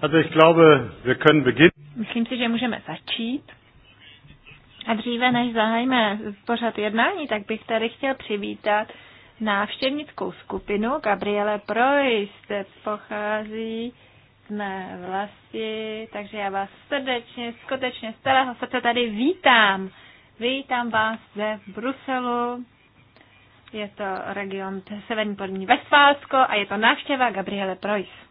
Also ich glaube, wir können beginnen. Myslím si, že můžeme začít. A dříve než zahajme pořad jednání, tak bych tady chtěl přivítat návštěvnickou skupinu Gabriele Projst. Pochází z mé vlasti, takže já vás srdečně, skutečně z celého srdce tady vítám. Vítám vás ze Bruselu. Je to region Severní Podní Vestfálsko a je to návštěva Gabriele Projst.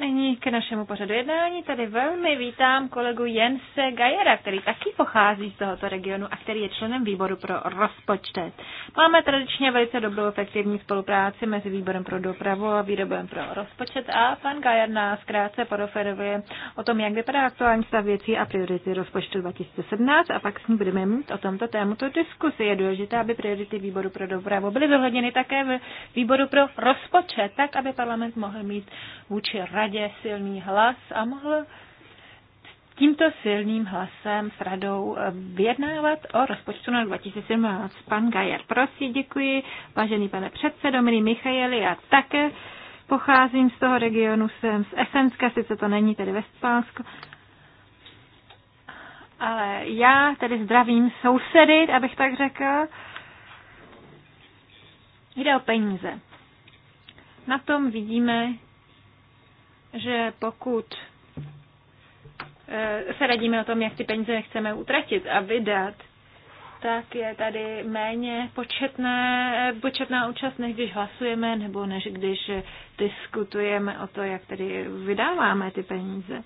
Nyní k našemu pořadu jednání tady velmi vítám kolegu Jense Gajera, který taky pochází z tohoto regionu a který je členem výboru pro rozpočet. Máme tradičně velice dobrou efektivní spolupráci mezi výborem pro dopravu a výborem pro rozpočet a pan Gajer nás krátce poroferuje o tom, jak vypadá aktuální stav věcí a priority rozpočtu 2017 a pak s ní budeme mít o tomto tématu diskusi. Je důležité, aby priority výboru pro dopravu byly zohledněny také v výboru pro rozpočet, tak aby parlament mohl mít vůči radě radě silný hlas a mohl tímto silným hlasem s radou eh, vyjednávat o rozpočtu na 2017. Pan Gajer, prosím, děkuji, vážený pane předsedo, milý Michaeli, já také pocházím z toho regionu, jsem z Esenska, sice to není tedy Vestpánsko, ale já tedy zdravím sousedy, abych tak řekl. Jde o peníze. Na tom vidíme, že pokud eh, se radíme o tom, jak ty peníze chceme utratit a vydat, tak je tady méně početné, početná účast, než když hlasujeme, nebo než když diskutujeme o to, jak tady vydáváme ty peníze.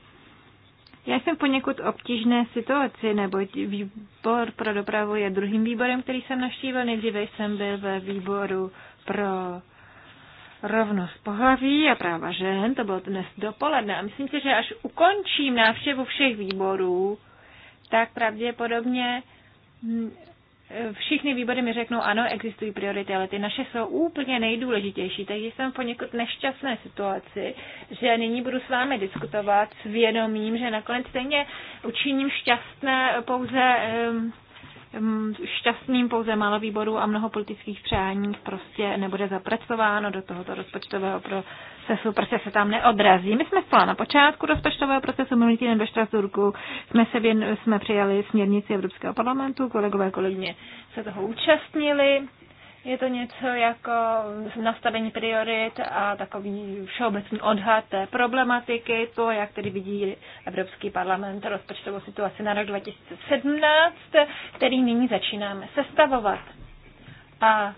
Já jsem poněkud obtížné situaci, neboť výbor pro dopravu je druhým výborem, který jsem navštívil. Nejdříve jsem byl ve výboru pro rovnost pohlaví a práva žen, to bylo dnes dopoledne. A myslím si, že až ukončím návštěvu všech výborů, tak pravděpodobně hm, všichni výbory mi řeknou, ano, existují priority, ale ty naše jsou úplně nejdůležitější. Takže jsem v poněkud nešťastné situaci, že nyní budu s vámi diskutovat s vědomím, že nakonec stejně učiním šťastné pouze um, šťastným pouze málo výborů a mnoho politických přání prostě nebude zapracováno do tohoto rozpočtového procesu, prostě se tam neodrazí. My jsme zcela na počátku rozpočtového procesu, minulý týden ve Štrasburku jsme, se věn, jsme přijali směrnici Evropského parlamentu, kolegové kolegyně se toho účastnili je to něco jako nastavení priorit a takový všeobecný odhad té problematiky, to, jak tedy vidí Evropský parlament rozpočtovou situaci na rok 2017, který nyní začínáme sestavovat. A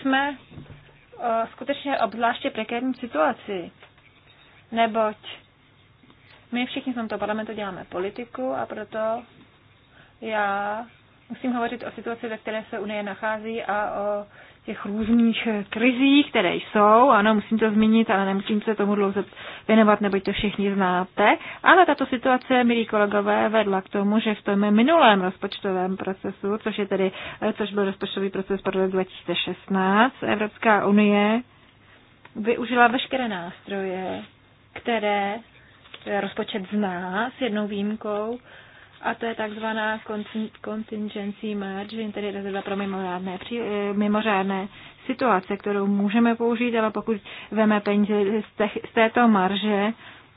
jsme eh, skutečně obzvláště prekérní situaci, neboť my všichni v tomto parlamentu děláme politiku a proto já Musím hovořit o situaci, ve které se Unie nachází a o těch různých krizích, které jsou. Ano, musím to zmínit, ale nemusím se tomu dlouze věnovat, neboť to všichni znáte. Ale tato situace, milí kolegové, vedla k tomu, že v tom minulém rozpočtovém procesu, což, je tedy, což byl rozpočtový proces pro rok 2016, Evropská unie využila veškeré nástroje, které rozpočet zná s jednou výjimkou, a to je takzvaná contingency margin, tedy rezerva pro mimořádné, při, eh, mimořádné situace, kterou můžeme použít, ale pokud veme peníze z, te, z této marže,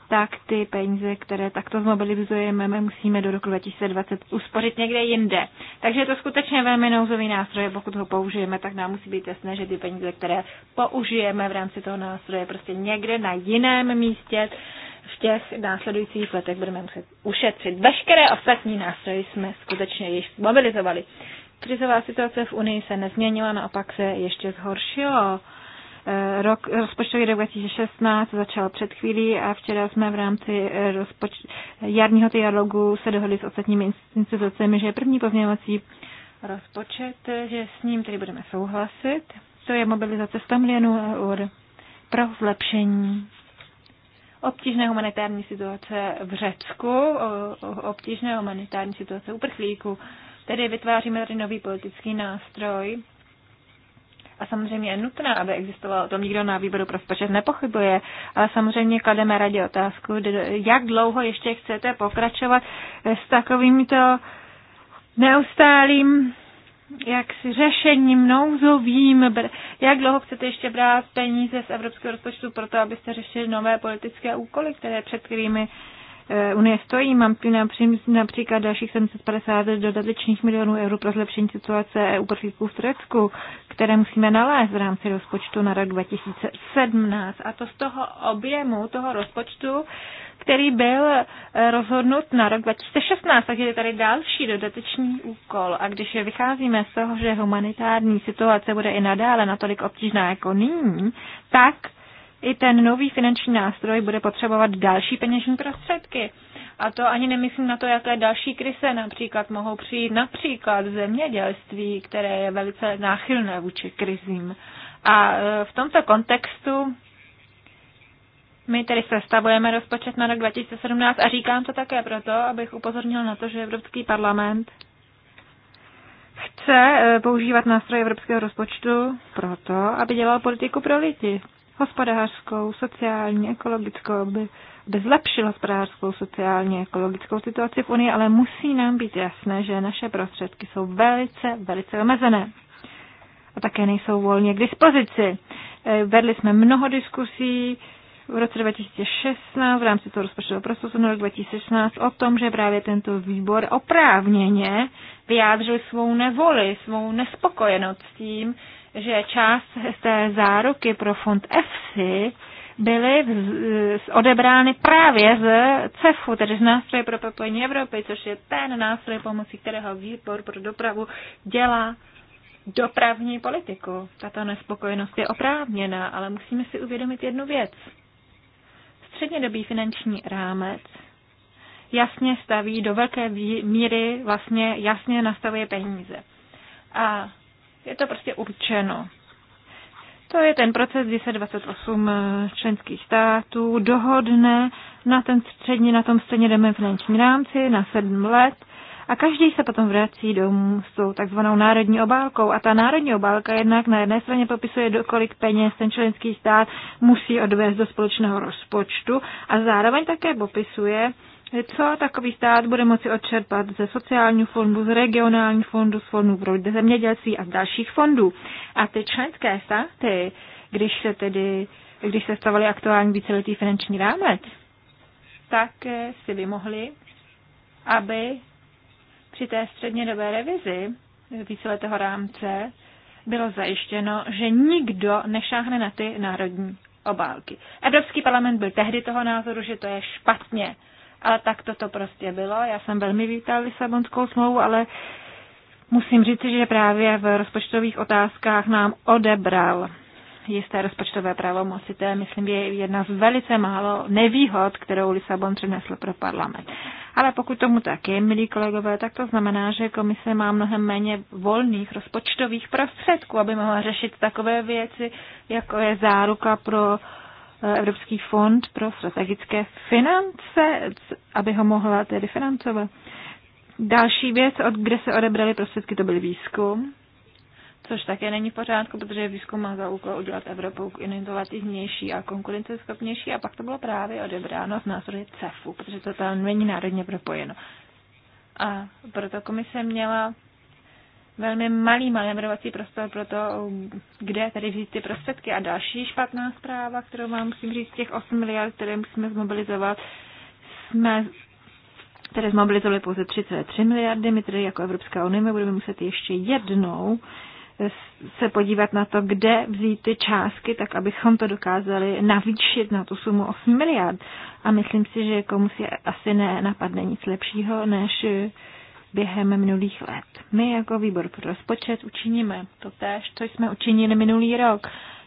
tak ty peníze, které takto zmobilizujeme, musíme do roku 2020 uspořit někde jinde. Takže je to skutečně velmi nouzový nástroj. Pokud ho použijeme, tak nám musí být jasné, že ty peníze, které použijeme v rámci toho nástroje, prostě někde na jiném místě, v těch následujících letech budeme muset ušetřit. Veškeré ostatní nástroje jsme skutečně již mobilizovali. Krizová situace v Unii se nezměnila, naopak se ještě zhoršilo. Eh, rok, rozpočtový rok 2016 začal před chvílí a včera jsme v rámci eh, rozpoč- jarního dialogu se dohodli s ostatními institucemi, že je první pozměňovací rozpočet, eh, že s ním tedy budeme souhlasit. To je mobilizace 100 milionů eur pro zlepšení obtížné humanitární situace v Řecku, obtížné humanitární situace uprchlíků. Tedy vytváříme tady nový politický nástroj. A samozřejmě je nutné, aby existovalo, o tom nikdo na výboru pro rozpočet nepochybuje, ale samozřejmě klademe radě otázku, jak dlouho ještě chcete pokračovat s takovýmto neustálým jak si řešením nouzovým, jak dlouho chcete ještě brát peníze z evropského rozpočtu pro to, abyste řešili nové politické úkoly, které před kterými eh, Unie stojí. Mám tu například dalších 750 dodatečných milionů eur pro zlepšení situace u v Turecku které musíme nalézt v rámci rozpočtu na rok 2017. A to z toho objemu, toho rozpočtu, který byl eh, rozhodnut na rok 2016. Takže je tady další dodatečný úkol. A když vycházíme z toho, že humanitární situace bude i nadále natolik obtížná jako nyní, tak i ten nový finanční nástroj bude potřebovat další peněžní prostředky. A to ani nemyslím na to, jaké další krize například mohou přijít, například zemědělství, které je velice náchylné vůči krizím. A e, v tomto kontextu my tedy sestavujeme rozpočet na rok 2017 a říkám to také proto, abych upozornil na to, že Evropský parlament chce e, používat nástroje evropského rozpočtu proto, aby dělal politiku pro lidi. Hospodářskou, sociální, ekologickou, aby aby zlepšila hospodářskou, sociálně, ekologickou situaci v Unii, ale musí nám být jasné, že naše prostředky jsou velice, velice omezené. A také nejsou volně k dispozici. Eh, vedli jsme mnoho diskusí, v roce 2016 v rámci toho rozpočtového procesu na rok 2016 o tom, že právě tento výbor oprávněně vyjádřil svou nevoli, svou nespokojenost s tím, že část z té záruky pro fond EFSI byly odebrány právě z CEFu, tedy z nástroje pro propojení Evropy, což je ten nástroj, pomocí kterého výbor pro dopravu dělá dopravní politiku. Tato nespokojenost je oprávněná, ale musíme si uvědomit jednu věc. Střednědobý finanční rámec jasně staví do velké míry, vlastně jasně nastavuje peníze. A je to prostě určeno. To je ten proces, kdy se 28 eh, členských států dohodne na, ten střední, na tom střednědobém finančním rámci na 7 let a každý se potom vrací domů s tou takzvanou národní obálkou. A ta národní obálka jednak na jedné straně popisuje, do kolik peněz ten členský stát musí odvést do společného rozpočtu a zároveň také popisuje, co takový stát bude moci odčerpat ze sociálního fondu, z regionálního fondu, z fondu pro zemědělství a z dalších fondů. A ty členské státy, když se tedy, když se stavali aktuální víceletý finanční rámec, tak eh, si vymohli, aby při té střednědobé revizi víceletého rámce bylo zajištěno, že nikdo nešáhne na ty národní obálky. Evropský parlament byl tehdy toho názoru, že to je špatně ale tak toto prostě bylo. Já jsem velmi vítal Lisabonskou smlouvu, ale musím říct, že právě v rozpočtových otázkách nám odebral jisté rozpočtové pravomoci. To je, myslím, je jedna z velice málo nevýhod, kterou Lisabon přinesl pro parlament. Ale pokud tomu tak je, milí kolegové, tak to znamená, že komise má mnohem méně volných rozpočtových prostředků, aby mohla řešit takové věci, jako je záruka pro Evropský fond pro strategické finance, aby ho mohla tedy financovat. Další věc, od kde se odebrali prostředky, to byl výzkum, což také není v pořádku, protože výzkum má za úkol udělat Evropu inovativnější a konkurenceschopnější a pak to bylo právě odebráno z nástroje CEFu, protože to tam není národně propojeno. A proto komise měla velmi malý manévrovací prostor pro to, kde tady vzít ty prostředky. A další špatná zpráva, kterou vám musím říct, těch 8 miliard, které musíme zmobilizovat, jsme které zmobilizovali pouze 33 miliardy, my tedy jako Evropská unie my budeme muset ještě jednou se podívat na to, kde vzít ty částky, tak abychom to dokázali navýšit na tu sumu 8 miliard. A myslím si, že komu si asi ne, napadne nic lepšího, než během minulých let. My jako výbor pro rozpočet učiníme to též, co jsme učinili minulý rok,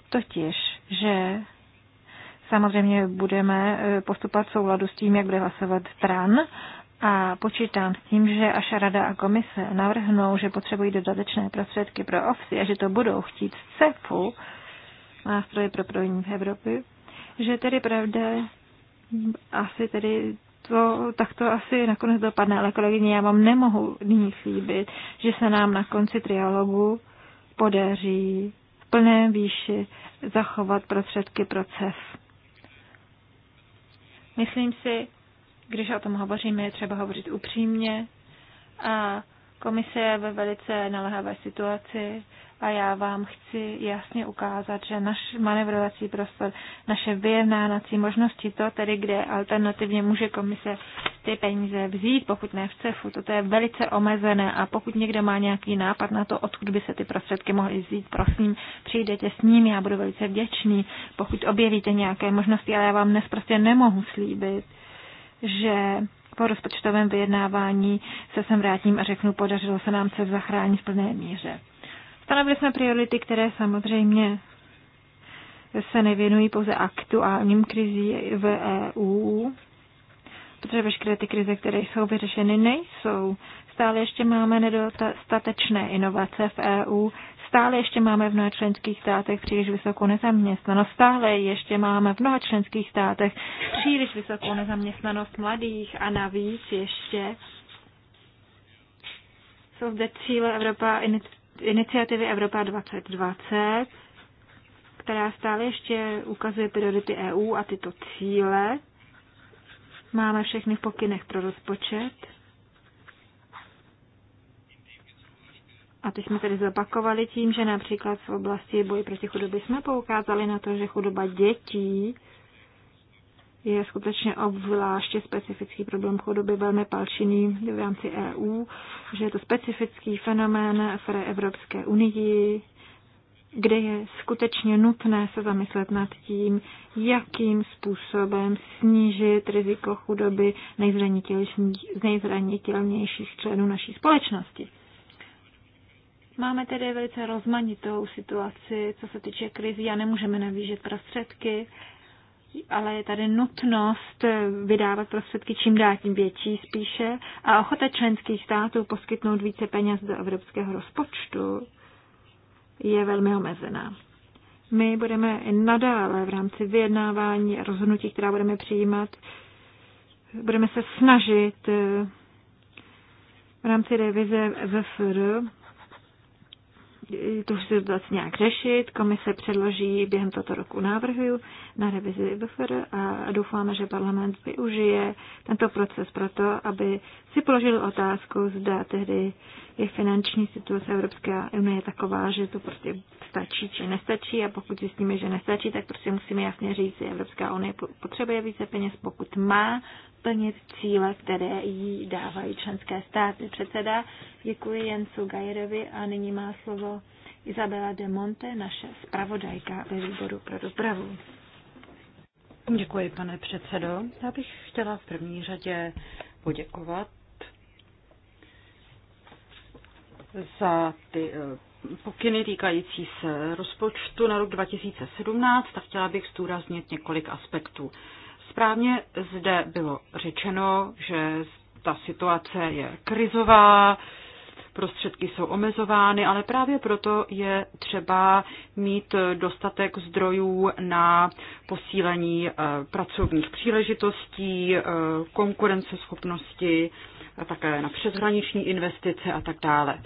totiž, že samozřejmě budeme e, postupovat v souladu s tím, jak bude hlasovat stran a počítám s tím, že až Rada a komise navrhnou, že potřebují dodatečné prostředky pro ovci a že to budou chtít z CEFu, nástroje pro projení Evropě, že tedy pravda asi tedy to, tak to asi nakonec dopadne. Ale kolegyně, já vám nemohu nyní slíbit, že se nám na konci trialogu podaří v plné výši zachovat prostředky pro CEF. Myslím si, když o tom hovoříme, je třeba hovořit upřímně a komise je ve velice naléhavé situaci a já vám chci jasně ukázat, že naš manevrovací prostor, naše vyjednávací možnosti, to tedy, kde alternativně může komise ty peníze vzít, pokud ne v CEFu, to je velice omezené a pokud někdo má nějaký nápad na to, odkud by se ty prostředky mohly vzít, prosím, přijdete s ním, já budu velice vděčný, pokud objevíte nějaké možnosti, ale já vám dnes prostě nemohu slíbit, že po rozpočtovém vyjednávání se sem vrátím a řeknu, podařilo se nám se zachránit v plné míře. Stanovili jsme priority, které samozřejmě se nevěnují pouze aktuálním krizí v EU, protože veškeré ty krize, které jsou vyřešeny, nejsou. Stále ještě máme nedostatečné inovace v EU, stále ještě máme v mnoha členských státech příliš vysokou nezaměstnanost, stále ještě máme v mnoha členských státech příliš vysokou nezaměstnanost mladých a navíc ještě jsou zde cíle Evropa iniciativy Evropa 2020, která stále ještě ukazuje priority EU a tyto cíle. Máme všechny v pokynech pro rozpočet. A teď jsme tedy zopakovali tím, že například v oblasti boje proti chudobě jsme poukázali na to, že chudoba dětí je skutečně obzvláště specifický problém chudoby velmi palčiný v rámci EU, že je to specifický fenomén v Evropské unii, kde je skutečně nutné se zamyslet nad tím, jakým způsobem snížit riziko chudoby nejzranitelnějších členů naší společnosti. Máme tedy velice rozmanitou situaci, co se týče krizi a nemůžeme navížet prostředky ale je tady nutnost eh, vydávat prostředky čím dál tím větší spíše a ochota členských států poskytnout více peněz do evropského rozpočtu je velmi omezená. My budeme i nadále v rámci vyjednávání a rozhodnutí, která budeme přijímat, budeme se snažit eh, v rámci revize VFR tu situaci nějak řešit. Komise předloží během tohoto roku návrhy na revizi BFR a doufáme, že parlament využije tento proces proto, aby si položil otázku, zda tehdy je finanční situace Evropské unie je taková, že to prostě stačí či nestačí a pokud zjistíme, že nestačí, tak prostě musíme jasně říct, že Evropská unie potřebuje více peněz, pokud má plnit cíle, které jí dávají členské státy. Předseda, děkuji Jensu Gajerovi a nyní má slovo Izabela de Monte, naše zpravodajka ve výboru pro dopravu. Děkuji, pane předsedo. Já bych chtěla v první řadě poděkovat za ty eh, pokyny týkající se rozpočtu na rok 2017 a chtěla bych zdůraznit několik aspektů. Správně zde bylo řečeno, že ta situace je krizová, prostředky jsou omezovány, ale právě proto je třeba mít dostatek zdrojů na posílení eh, pracovních příležitostí, eh, konkurenceschopnosti, a také na přeshraniční investice a tak dále.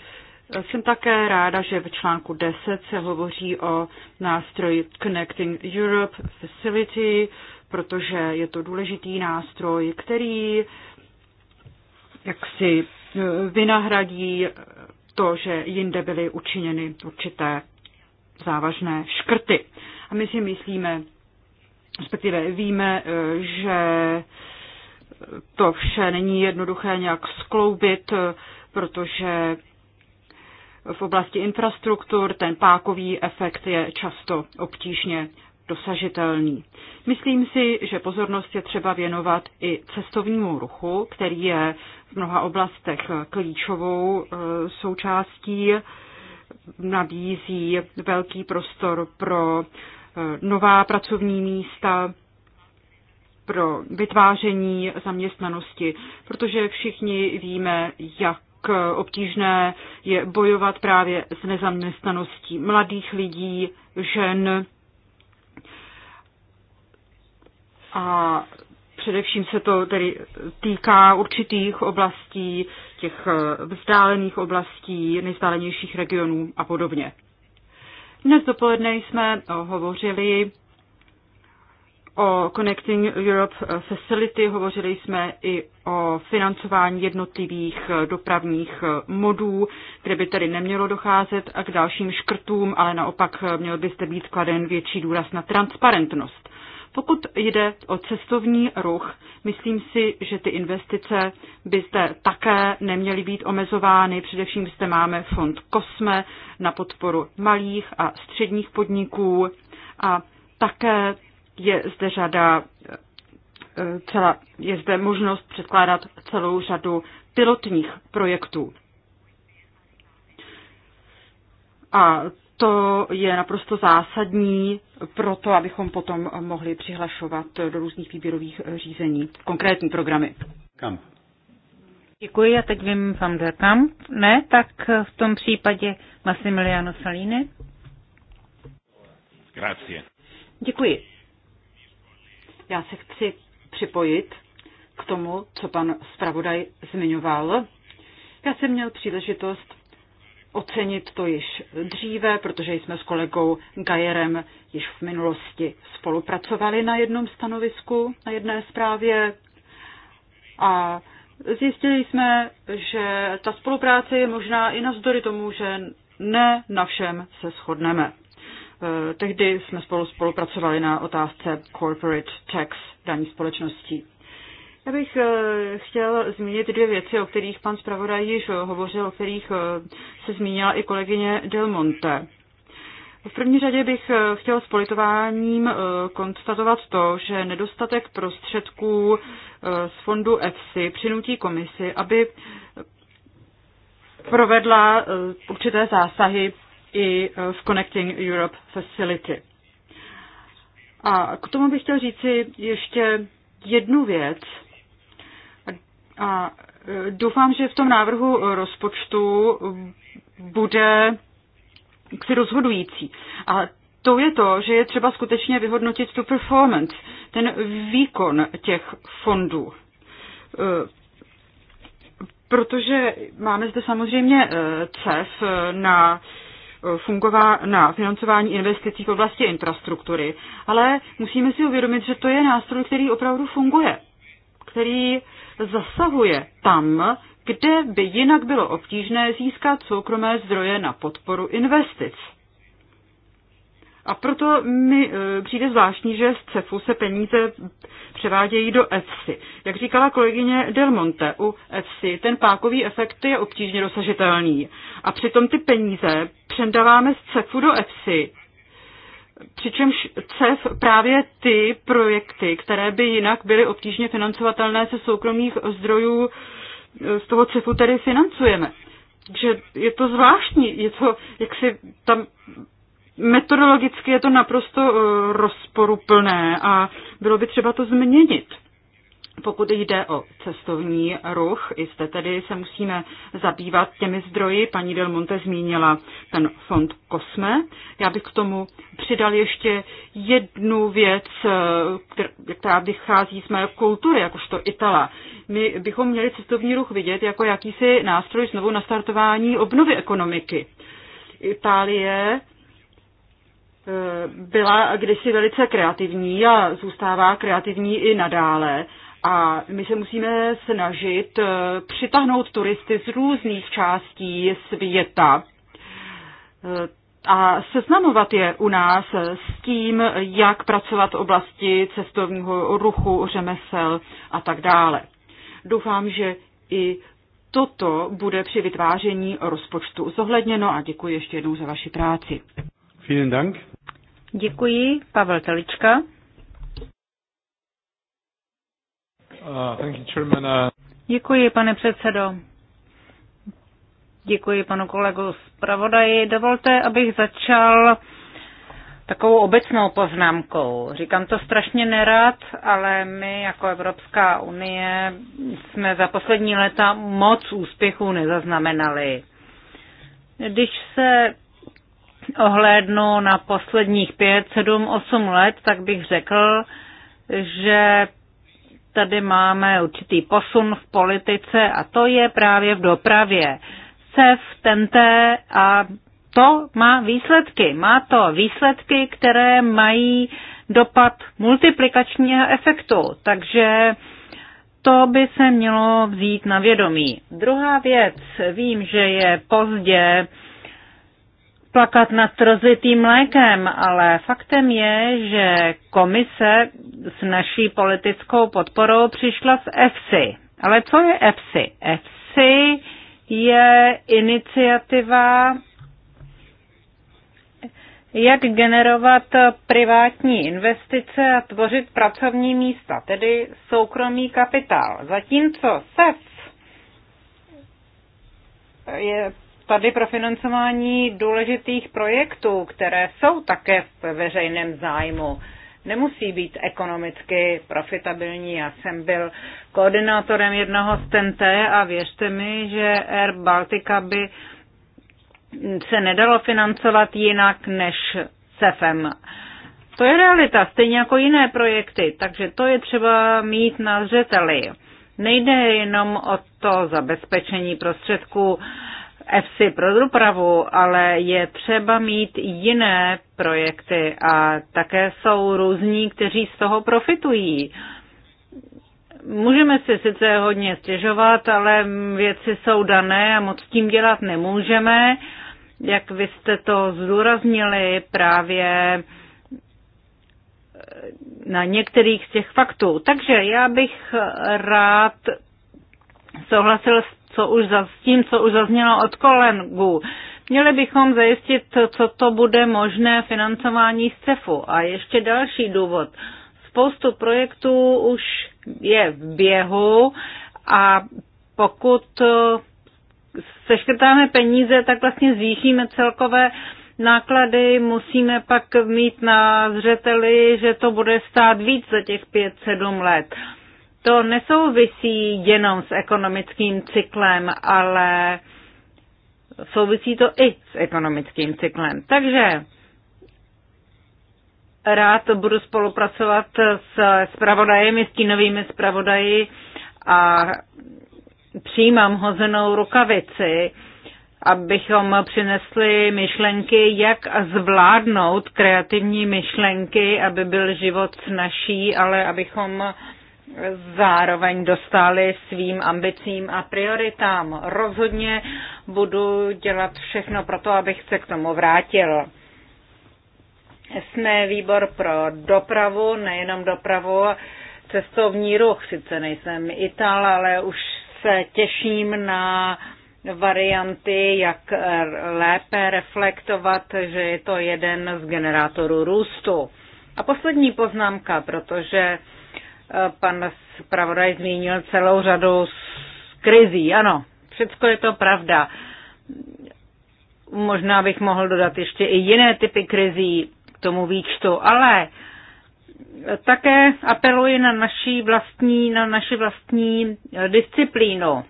Jsem také ráda, že v článku 10 se hovoří o nástroji Connecting Europe Facility, protože je to důležitý nástroj, který jaksi e, vynahradí to, že jinde byly učiněny určité závažné škrty. A my si myslíme, respektive víme, e, že to vše není jednoduché nějak skloubit, protože v oblasti infrastruktur ten pákový efekt je často obtížně dosažitelný. Myslím si, že pozornost je třeba věnovat i cestovnímu ruchu, který je v mnoha oblastech klíčovou eh, součástí, nabízí velký prostor pro eh, nová pracovní místa, pro vytváření zaměstnanosti, protože všichni víme, jak obtížné je bojovat právě s nezaměstnaností mladých lidí, žen a především se to tedy týká určitých oblastí, těch vzdálených oblastí, nejvzdálenějších regionů a podobně. Dnes dopoledne jsme hovořili o Connecting Europe Facility, hovořili jsme i o financování jednotlivých eh, dopravních eh, modů, kde by tedy nemělo docházet a k dalším škrtům, ale naopak eh, měl byste být kladen větší důraz na transparentnost. Pokud jde o cestovní ruch, myslím si, že ty investice by zde také neměly být omezovány. Především zde máme fond Kosme na podporu malých a středních podniků a také je zde řada eh, celá, je zde možnost předkládat celou řadu pilotních projektů. A to je naprosto zásadní pro to, abychom potom mohli přihlašovat do různých výběrových eh, řízení konkrétní programy. Kam? Děkuji Já teď vím vám jde kam, Ne, tak v tom případě Massimiliano Salini. Grazie. Děkuji. Já se chci připojit k tomu, co pan zpravodaj zmiňoval. Já jsem měl příležitost ocenit to již dříve, protože jsme s kolegou Gajerem již v minulosti spolupracovali na jednom stanovisku, na jedné zprávě a zjistili jsme, že ta spolupráce je možná i navzdory tomu, že ne na všem se shodneme. Eh, tehdy jsme spolu spolupracovali na otázce corporate tax daní společností. Já bych eh, chtěl zmínit dvě věci, o kterých pan zpravodaj již hovořil, o kterých eh, se zmínila i kolegyně Del Monte. V první řadě bych chtěl s politováním konstatovat to, že nedostatek prostředků z fondu EFSI přinutí komisi, aby provedla určité zásahy i e, v Connecting Europe Facility. A k tomu bych chtěl říci ještě jednu věc. A e, doufám, že v tom návrhu rozpočtu bude si rozhodující. A to je to, že je třeba skutečně vyhodnotit tu performance, ten výkon těch fondů. E, protože máme zde samozřejmě CEF na fungová na financování investicí v oblasti infrastruktury, ale musíme si uvědomit, že to je nástroj, který opravdu funguje, který zasahuje tam, kde by jinak bylo obtížné získat soukromé zdroje na podporu investic. A proto mi e, přijde zvláštní, že z CEFu se peníze převádějí do EFSI. Jak říkala kolegyně Del Monte, u EFSI ten pákový efekt je obtížně dosažitelný. A přitom ty peníze přendáváme z CEFu do EFSI. Přičemž CEF právě ty projekty, které by jinak byly obtížně financovatelné ze soukromých zdrojů, e, z toho CEFu tedy financujeme. Takže je to zvláštní, je to, jak si tam metodologicky je to naprosto eh, rozporuplné a bylo by třeba to změnit. Pokud jde o cestovní ruch, i zde tedy se musíme zabývat těmi zdroji. Paní Del Monte zmínila ten fond Kosme. Já bych k tomu přidal ještě jednu věc, eh, která vychází z mé kultury, jakožto Itala. My bychom měli cestovní ruch vidět jako jakýsi nástroj znovu nastartování obnovy ekonomiky. Itálie Eh, byla kdysi velice kreativní a zůstává kreativní i nadále. A my se musíme snažit eh, přitáhnout turisty z různých částí světa eh, a seznamovat je u nás s tím, jak pracovat v oblasti cestovního ruchu, řemesel a tak dále. Doufám, že i toto bude při vytváření rozpočtu zohledněno a děkuji ještě jednou za vaši práci. Vielen Dank. Děkuji. Pavel Telička. Uh, uh, Děkuji, pane předsedo. Děkuji panu kolegu zpravodaji. Dovolte, abych začal takovou obecnou poznámkou. Říkám to strašně nerad, ale my jako Evropská unie jsme za poslední léta moc úspěchů nezaznamenali. Když se ohlédnu na posledních pět, sedm, osm let, tak bych řekl, že tady máme určitý posun v politice a to je právě v dopravě. CEF, TNT a to má výsledky. Má to výsledky, které mají dopad multiplikačního efektu, takže to by se mělo vzít na vědomí. Druhá věc, vím, že je pozdě, plakat nad rozlitým mlékem, ale faktem je, že komise s naší politickou podporou přišla s EFSI. Ale co je EFSI? EFSI je iniciativa, jak generovat privátní investice a tvořit pracovní místa, tedy soukromý kapitál. Zatímco SEF je tady pro financování důležitých projektů, které jsou také v veřejném zájmu. Nemusí být ekonomicky profitabilní. Já jsem byl koordinátorem jednoho z TNT a věřte mi, že Air Baltica by se nedalo financovat jinak než CEFem. To je realita, stejně jako jiné projekty, takže to je třeba mít na zřeteli. Nejde jenom o to zabezpečení prostředků FC pro dopravu, ale je třeba mít jiné projekty a také jsou různí, kteří z toho profitují. Můžeme si sice hodně stěžovat, ale věci jsou dané a moc tím dělat nemůžeme. Jak vy jste to zdůraznili právě eh, na některých z těch faktů. Takže já bych rád souhlasil s co už za, s tím, co už zaznělo od kolegů. Měli bychom zajistit, co to bude možné financování z CEFu. A ještě další důvod. Spoustu projektů už je v běhu a pokud eh, seškrtáme peníze, tak vlastně zvýšíme celkové náklady. Musíme pak mít na zřeteli, že to bude stát víc za těch 5-7 let to nesouvisí jenom s ekonomickým cyklem, ale souvisí to i s ekonomickým cyklem. Takže rád budu spolupracovat s spravodajem, s tínovými spravodají a přijímám hozenou rukavici, abychom přinesli myšlenky, jak zvládnout kreativní myšlenky, aby byl život snažší, ale abychom zároveň dostali svým ambicím a prioritám. Rozhodně budu dělat všechno pro to, abych se k tomu vrátil. Jsme výbor pro dopravu, nejenom dopravu, cestovní ruch. Sice nejsem Ital, ale už se těším na varianty, jak lépe reflektovat, že je to jeden z generátorů růstu. A poslední poznámka, protože Pan zpravodaj zmínil celou řadu krizí. Ano, všechno je to pravda. Možná bych mohl dodat ještě i jiné typy krizí k tomu výčtu, ale také apeluji na naši vlastní, na naši vlastní disciplínu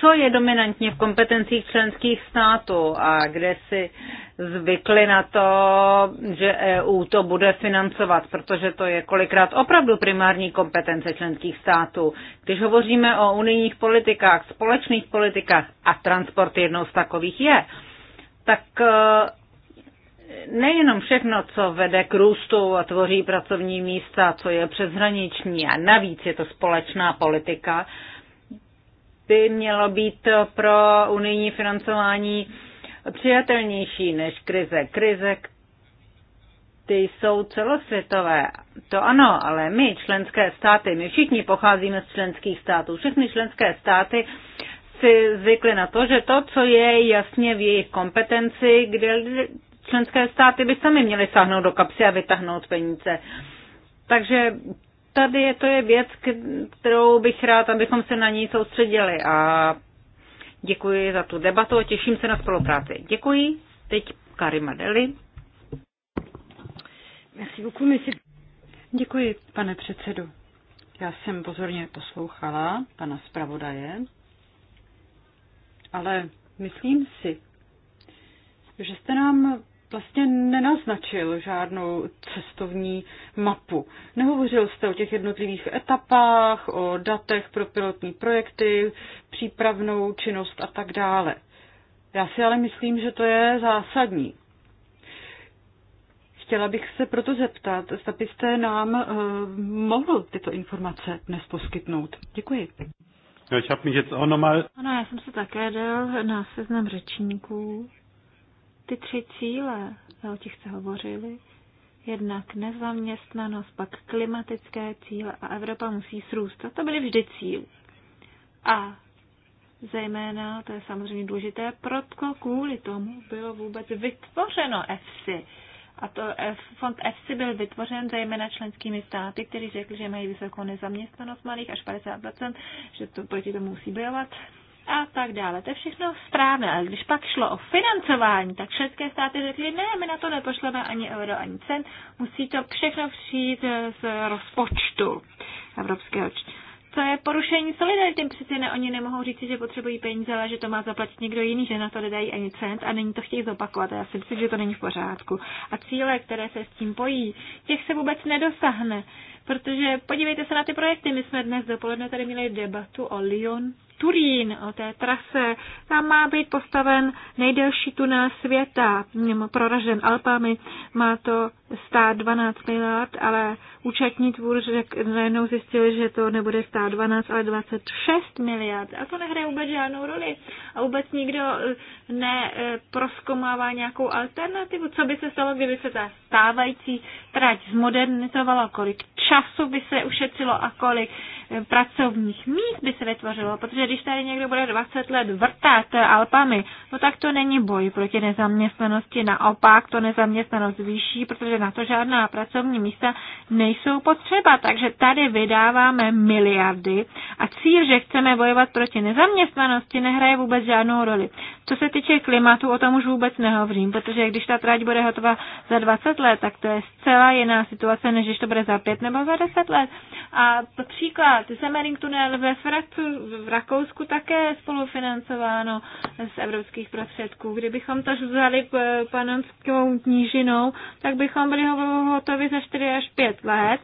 co je dominantně v kompetencích členských států a kde si zvykli na to, že EU to bude financovat, protože to je kolikrát opravdu primární kompetence členských států. Když hovoříme o unijních politikách, společných politikách a transport jednou z takových je, tak e, nejenom všechno, co vede k růstu a tvoří pracovní místa, co je přeshraniční a navíc je to společná politika, by mělo být pro unijní financování přijatelnější než krize. Krize, ty jsou celosvětové. To ano, ale my, členské státy, my všichni pocházíme z členských států. Všechny členské státy si zvykly na to, že to, co je jasně v jejich kompetenci, kde členské státy by sami měly sáhnout do kapsy a vytáhnout peníze. Takže tady je, to je věc, kterou bych rád, abychom se na ní soustředili a děkuji za tu debatu a těším se na spolupráci. Děkuji. Teď Karima Deli. Merci beaucoup, monsieur. Děkuji, pane předsedu. Já jsem pozorně poslouchala pana zpravodaje, ale myslím si, že jste nám vlastně nenaznačil žádnou cestovní mapu. Nehovořil jste o těch jednotlivých etapách, o datech pro pilotní projekty, přípravnou činnost a tak dále. Já si ale myslím, že to je zásadní. Chtěla bych se proto zeptat, zda byste nám uh, mohl tyto informace dnes poskytnout. Děkuji. Já, Ano, já jsem se také dal na seznam řečníků. Ty tři cíle, o těch se hovořili, jednak nezaměstnanost, pak klimatické cíle a Evropa musí srůstat. To byly vždy cíl. A zejména, to je samozřejmě důležité, proto kvůli tomu bylo vůbec vytvořeno EFSI. A to fond EFSI byl vytvořen zejména členskými státy, kteří řekli, že mají vysokou nezaměstnanost malých až 50%, že to proti tomu musí bojovat a tak dále. To je všechno správné, ale když pak šlo o financování, tak české státy řekly, ne, my na to nepošleme ani euro, ani cen, musí to všechno přijít e, z rozpočtu evropského. To je porušení solidarity, přece ne, oni nemohou říct, že potřebují peníze, ale že to má zaplatit někdo jiný, že na to nedají ani cent a není to chtějí zopakovat. Já si myslím, že to není v pořádku. A cíle, které se s tím pojí, těch se vůbec nedosáhne. Protože podívejte se na ty projekty. My jsme dnes dopoledne tady měli debatu o Lyon Turín, o té trase. Tam má být postaven nejdelší tunel světa, proražen Alpami. Má to stát 12 miliard, ale účetní tvůr řek, najednou zjistili, že to nebude stát 12, ale 26 miliard. A to nehraje vůbec žádnou roli. A vůbec nikdo eh, neproskomává eh, nějakou alternativu. Co by se stalo, kdyby se ta stávající trať zmodernizovala, kolik času by se ušetřilo a kolik eh, pracovních míst by se vytvořilo. Protože když tady někdo bude 20 let vrtat Alpami, no tak to není boj proti nezaměstnanosti. Naopak to nezaměstnanost zvýší, protože protože na to žádná pracovní místa nejsou potřeba. Takže tady vydáváme miliardy a cíl, že chceme bojovat proti nezaměstnanosti, nehraje vůbec žádnou roli. Co se týče klimatu, o tom už vůbec nehovřím, protože když ta trať bude hotová za 20 let, tak to je zcela jiná situace, než když to bude za 5 nebo za 10 let. A příklad, Semmering tunel ve Fracu, v Rakousku také spolufinancováno z evropských prostředků. Kdybychom to vzali eh, panonskou knížinou, tak bychom byli hotovi za 4 až 5 let.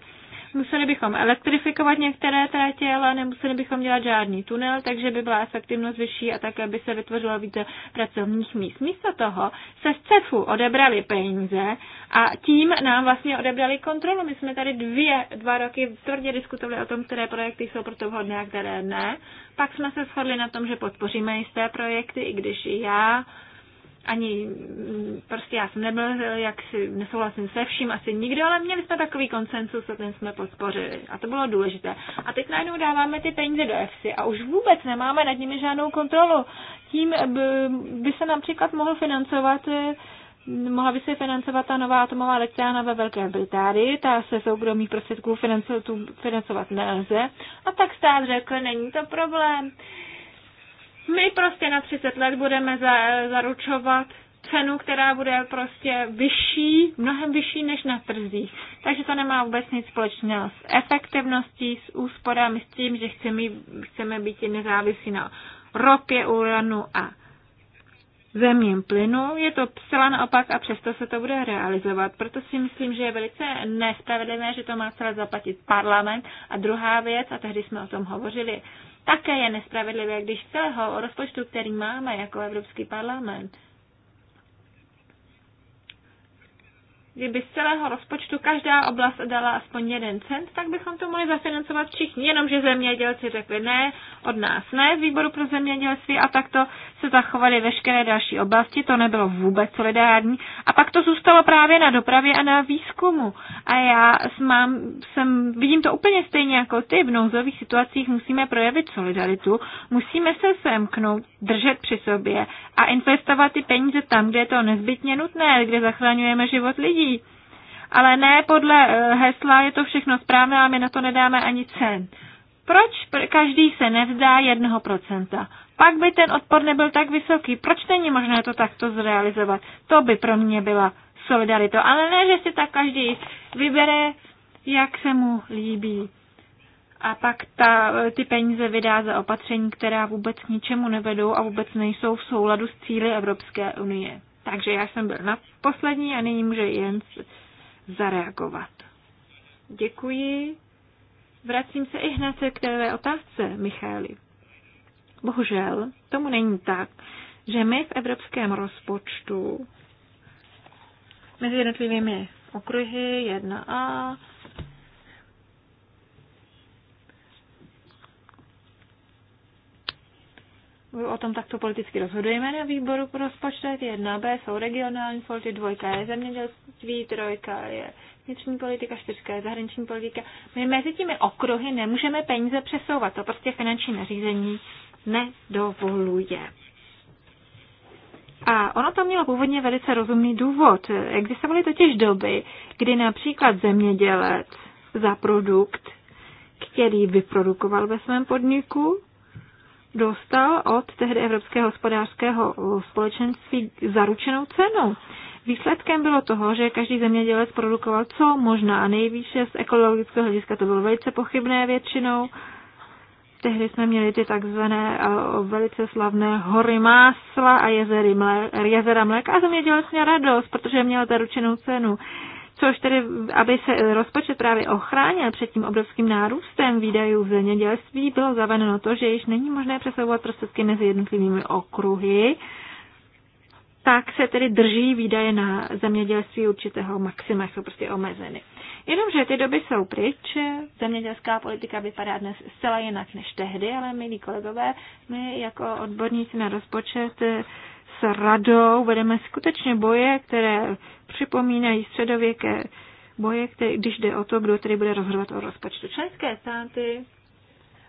Museli bychom elektrifikovat některé tratě, ale nemuseli bychom dělat žádný tunel, takže by byla efektivnost vyšší a také by se vytvořilo více pracovních míst. Místo toho se z CEFu odebrali peníze a tím nám vlastně odebrali kontrolu. My jsme tady dvě, dva roky tvrdě diskutovali o tom, které projekty jsou proto vhodné a které ne. Pak jsme se shodli na tom, že podpoříme jisté projekty, i když já ani mm, prostě já jsem nebyl, jak si nesouhlasím se vším, asi nikdo, ale měli jsme takový konsensus a ten jsme podpořili. A to bylo důležité. A teď najednou dáváme ty peníze do EFSI a už vůbec nemáme nad nimi žádnou kontrolu. Tím by se například mohl financovat mohla by se financovat ta nová atomová elektrárna ve Velké Británii, ta se soukromých prostředků financovat nelze. A tak stát řekl, není to problém my prostě na 30 let budeme za, zaručovat cenu, která bude prostě vyšší, mnohem vyšší než na trzích. Takže to nemá vůbec nic společného s efektivností, s úsporami, s tím, že chceme, chceme být nezávislí na ropě, uranu a zemním plynu. Je to zcela naopak a přesto se to bude realizovat. Proto si myslím, že je velice nespravedlivé, že to má celé zaplatit parlament. A druhá věc, a tehdy jsme o tom hovořili, také je nespravedlivé, když celého rozpočtu, který máme jako Evropský parlament, kdyby z celého rozpočtu každá oblast dala aspoň jeden cent, tak bychom to mohli zafinancovat všichni, jenomže zemědělci řekli ne, od nás ne, z výboru pro zemědělství a takto se zachovaly veškeré další oblasti, to nebylo vůbec solidární. A pak to zůstalo právě na dopravě a na výzkumu. A já mám, jsem, vidím to úplně stejně jako ty, v nouzových situacích musíme projevit solidaritu, musíme se semknout, držet při sobě a investovat ty peníze tam, kde je to nezbytně nutné, kde zachraňujeme život lidí lidí. Ale ne podle eh, hesla, je to všechno správné a my na to nedáme ani cen. Proč každý se nevzdá jednoho procenta? Pak by ten odpor nebyl tak vysoký. Proč není možné to takto zrealizovat? To by pro mě byla solidarita. Ale ne, že si tak každý vybere, jak se mu líbí. A pak ta, eh, ty peníze vydá za opatření, která vůbec k ničemu nevedou a vůbec nejsou v souladu s cíly Evropské unie. Takže já jsem byl na poslední a nyní může Jens zareagovat. Děkuji. Vracím se i hned k té otázce, Michály. Bohužel, tomu není tak, že my v evropském rozpočtu mezi jednotlivými okruhy 1A, o tom takto politicky rozhodujeme na výboru pro rozpočet. Jedna b jsou regionální fondy, dvojka je zemědělství, trojka je vnitřní politika, čtyřka je zahraniční politika. My mezi těmi okruhy nemůžeme peníze přesouvat, to prostě finanční nařízení nedovoluje. A ono to mělo původně velice rozumný důvod. Existovaly totiž doby, kdy například zemědělec za produkt, který vyprodukoval ve svém podniku, dostal od tehdy Evropského hospodářského společenství zaručenou cenu. Výsledkem bylo toho, že každý zemědělec produkoval co možná nejvýše z ekologického hlediska. To bylo velice pochybné většinou. Tehdy jsme měli ty takzvané eh, velice slavné hory másla a jezery jezera mléka a zemědělec měl radost, protože měl zaručenou cenu což tedy, aby se rozpočet právě ochránil před tím obrovským nárůstem výdajů v zemědělství, bylo zavedeno to, že již není možné přesouvat prostředky mezi jednotlivými okruhy, tak se tedy drží výdaje na zemědělství určitého maxima, jsou prostě omezeny. Jenomže ty doby jsou pryč, zemědělská politika vypadá dnes zcela jinak než tehdy, ale milí kolegové, my jako odborníci na rozpočet radou vedeme skutečně boje, které připomínají středověké boje, které, když jde o to, kdo tady bude rozhodovat o rozpočtu členské státy.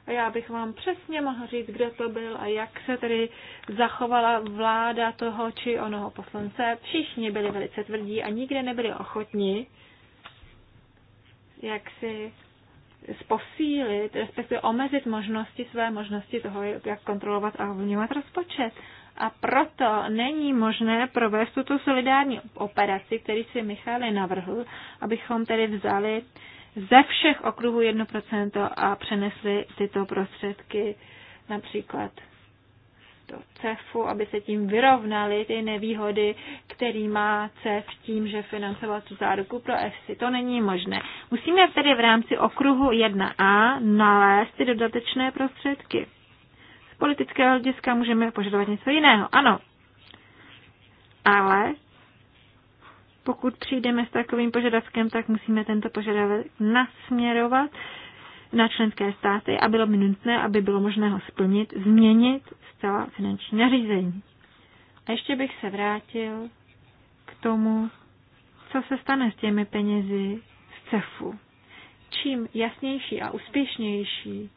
A já bych vám přesně mohla říct, kde to byl a jak se tedy zachovala vláda toho či onoho poslance. Všichni byli velice tvrdí a nikde nebyli ochotní jak si posílit, respektive omezit možnosti, své možnosti toho, jak kontrolovat a ovlivňovat rozpočet a proto není možné provést tuto solidární operaci, který si Michal navrhl, abychom tedy vzali ze všech okruhů 1% a přenesli tyto prostředky například do CEFu, aby se tím vyrovnaly ty nevýhody, který má CEF tím, že financoval tu záruku pro EFSI. To není možné. Musíme tedy v rámci okruhu 1a nalézt ty dodatečné prostředky politického hlediska můžeme požadovat něco jiného, ano. Ale pokud přijdeme s takovým požadavkem, tak musíme tento požadavek nasměrovat na členské státy a bylo by nutné, aby bylo možné ho splnit, změnit zcela finanční nařízení. A ještě bych se vrátil k tomu, co se stane s těmi penězi z CEFu. Čím jasnější a úspěšnější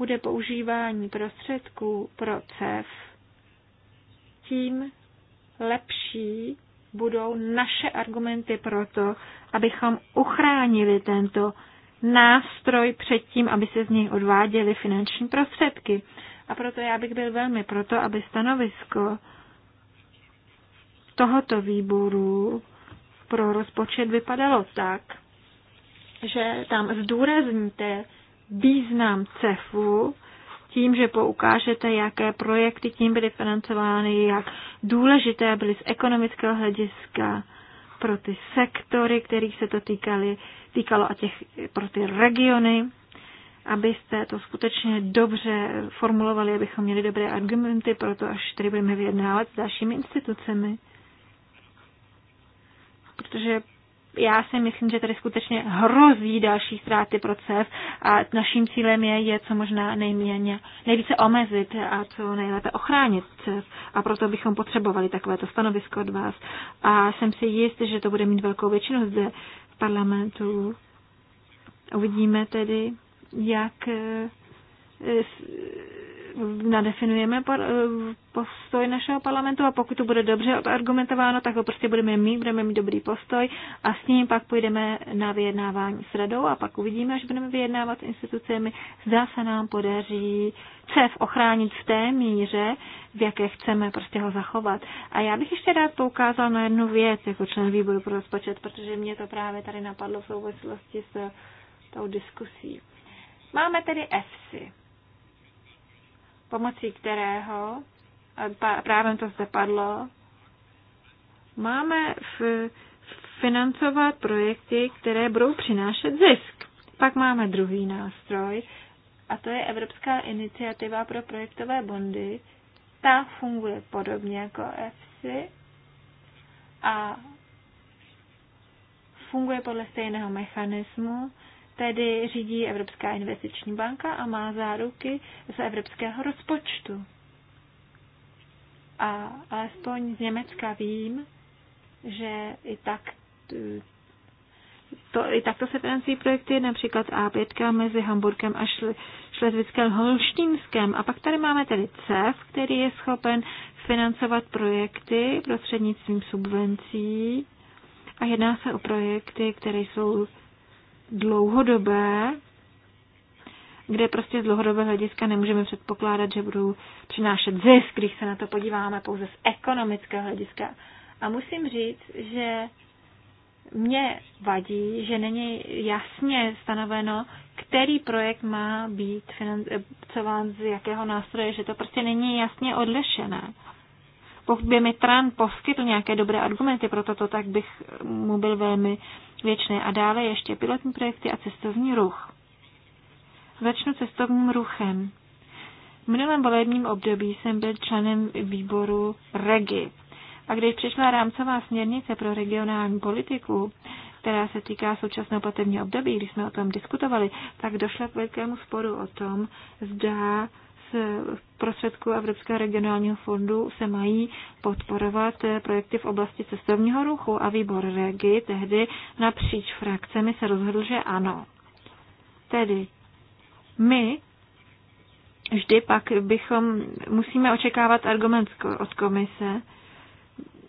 bude používání prostředků pro CEF, tím lepší budou naše argumenty pro to, abychom uchránili tento nástroj před tím, aby se z něj odváděly finanční prostředky. A proto já bych byl velmi proto, aby stanovisko tohoto výboru pro rozpočet vypadalo tak, že tam zdůrazníte, význam CEFu tím, že poukážete, jaké projekty tím byly financovány, jak důležité byly z ekonomického hlediska pro ty sektory, kterých se to týkali, týkalo a těch, pro ty regiony, abyste to skutečně dobře formulovali, abychom měli dobré argumenty pro to, až tady budeme vyjednávat s dalšími institucemi. Protože já si myslím, že tady skutečně hrozí další ztráty pro CEF a naším cílem je je co možná nejméně, nejvíce omezit a co nejlépe ochránit CEF a proto bychom potřebovali takovéto stanovisko od vás a jsem si jist, že to bude mít velkou většinu zde v parlamentu. Uvidíme tedy, jak eh, nadefinujeme postoj našeho parlamentu a pokud to bude dobře argumentováno, tak ho prostě budeme mít, budeme mít dobrý postoj a s ním pak půjdeme na vyjednávání s radou a pak uvidíme, až budeme vyjednávat s institucemi, zda se nám podaří CEF ochránit v té míře, v jaké chceme prostě ho zachovat. A já bych ještě rád poukázal na jednu věc jako člen výboru pro rozpočet, protože mě to právě tady napadlo v souvislosti s tou diskusí. Máme tedy EFSI, pomocí kterého, eh, právě to zde padlo, máme v, financovat projekty, které budou přinášet zisk. Pak máme druhý nástroj, a to je Evropská iniciativa pro projektové bondy. Ta funguje podobně jako EFSI a funguje podle stejného mechanismu tedy řídí Evropská investiční banka a má záruky z evropského rozpočtu. A alespoň z Německa vím, že i tak to, i takto se financují projekty, například A5 mezi Hamburgem a šl, Šlezvickém Holštínském. A pak tady máme tedy CEF, který je schopen financovat projekty prostřednictvím subvencí. A jedná se o projekty, které jsou dlouhodobé, kde prostě z dlouhodobého hlediska nemůžeme předpokládat, že budou přinášet zisk, když se na to podíváme pouze z ekonomického hlediska. A musím říct, že mě vadí, že není jasně stanoveno, který projekt má být financován z jakého nástroje, že to prostě není jasně odlišené. Pokud by mi Tran poskytl nějaké dobré argumenty pro toto, tak bych mu byl velmi věčné a dále ještě pilotní projekty a cestovní ruch. Začnu cestovním ruchem. V minulém volebním období jsem byl členem výboru REGI. A když přišla rámcová směrnice pro regionální politiku, která se týká současného platebního období, když jsme o tom diskutovali, tak došlo k velkému sporu o tom, zda z prostředků Evropského regionálního fondu se mají podporovat projekty v oblasti cestovního ruchu a výbor Regi tehdy napříč frakcemi se rozhodl, že ano. Tedy my vždy pak bychom, musíme očekávat argument od komise,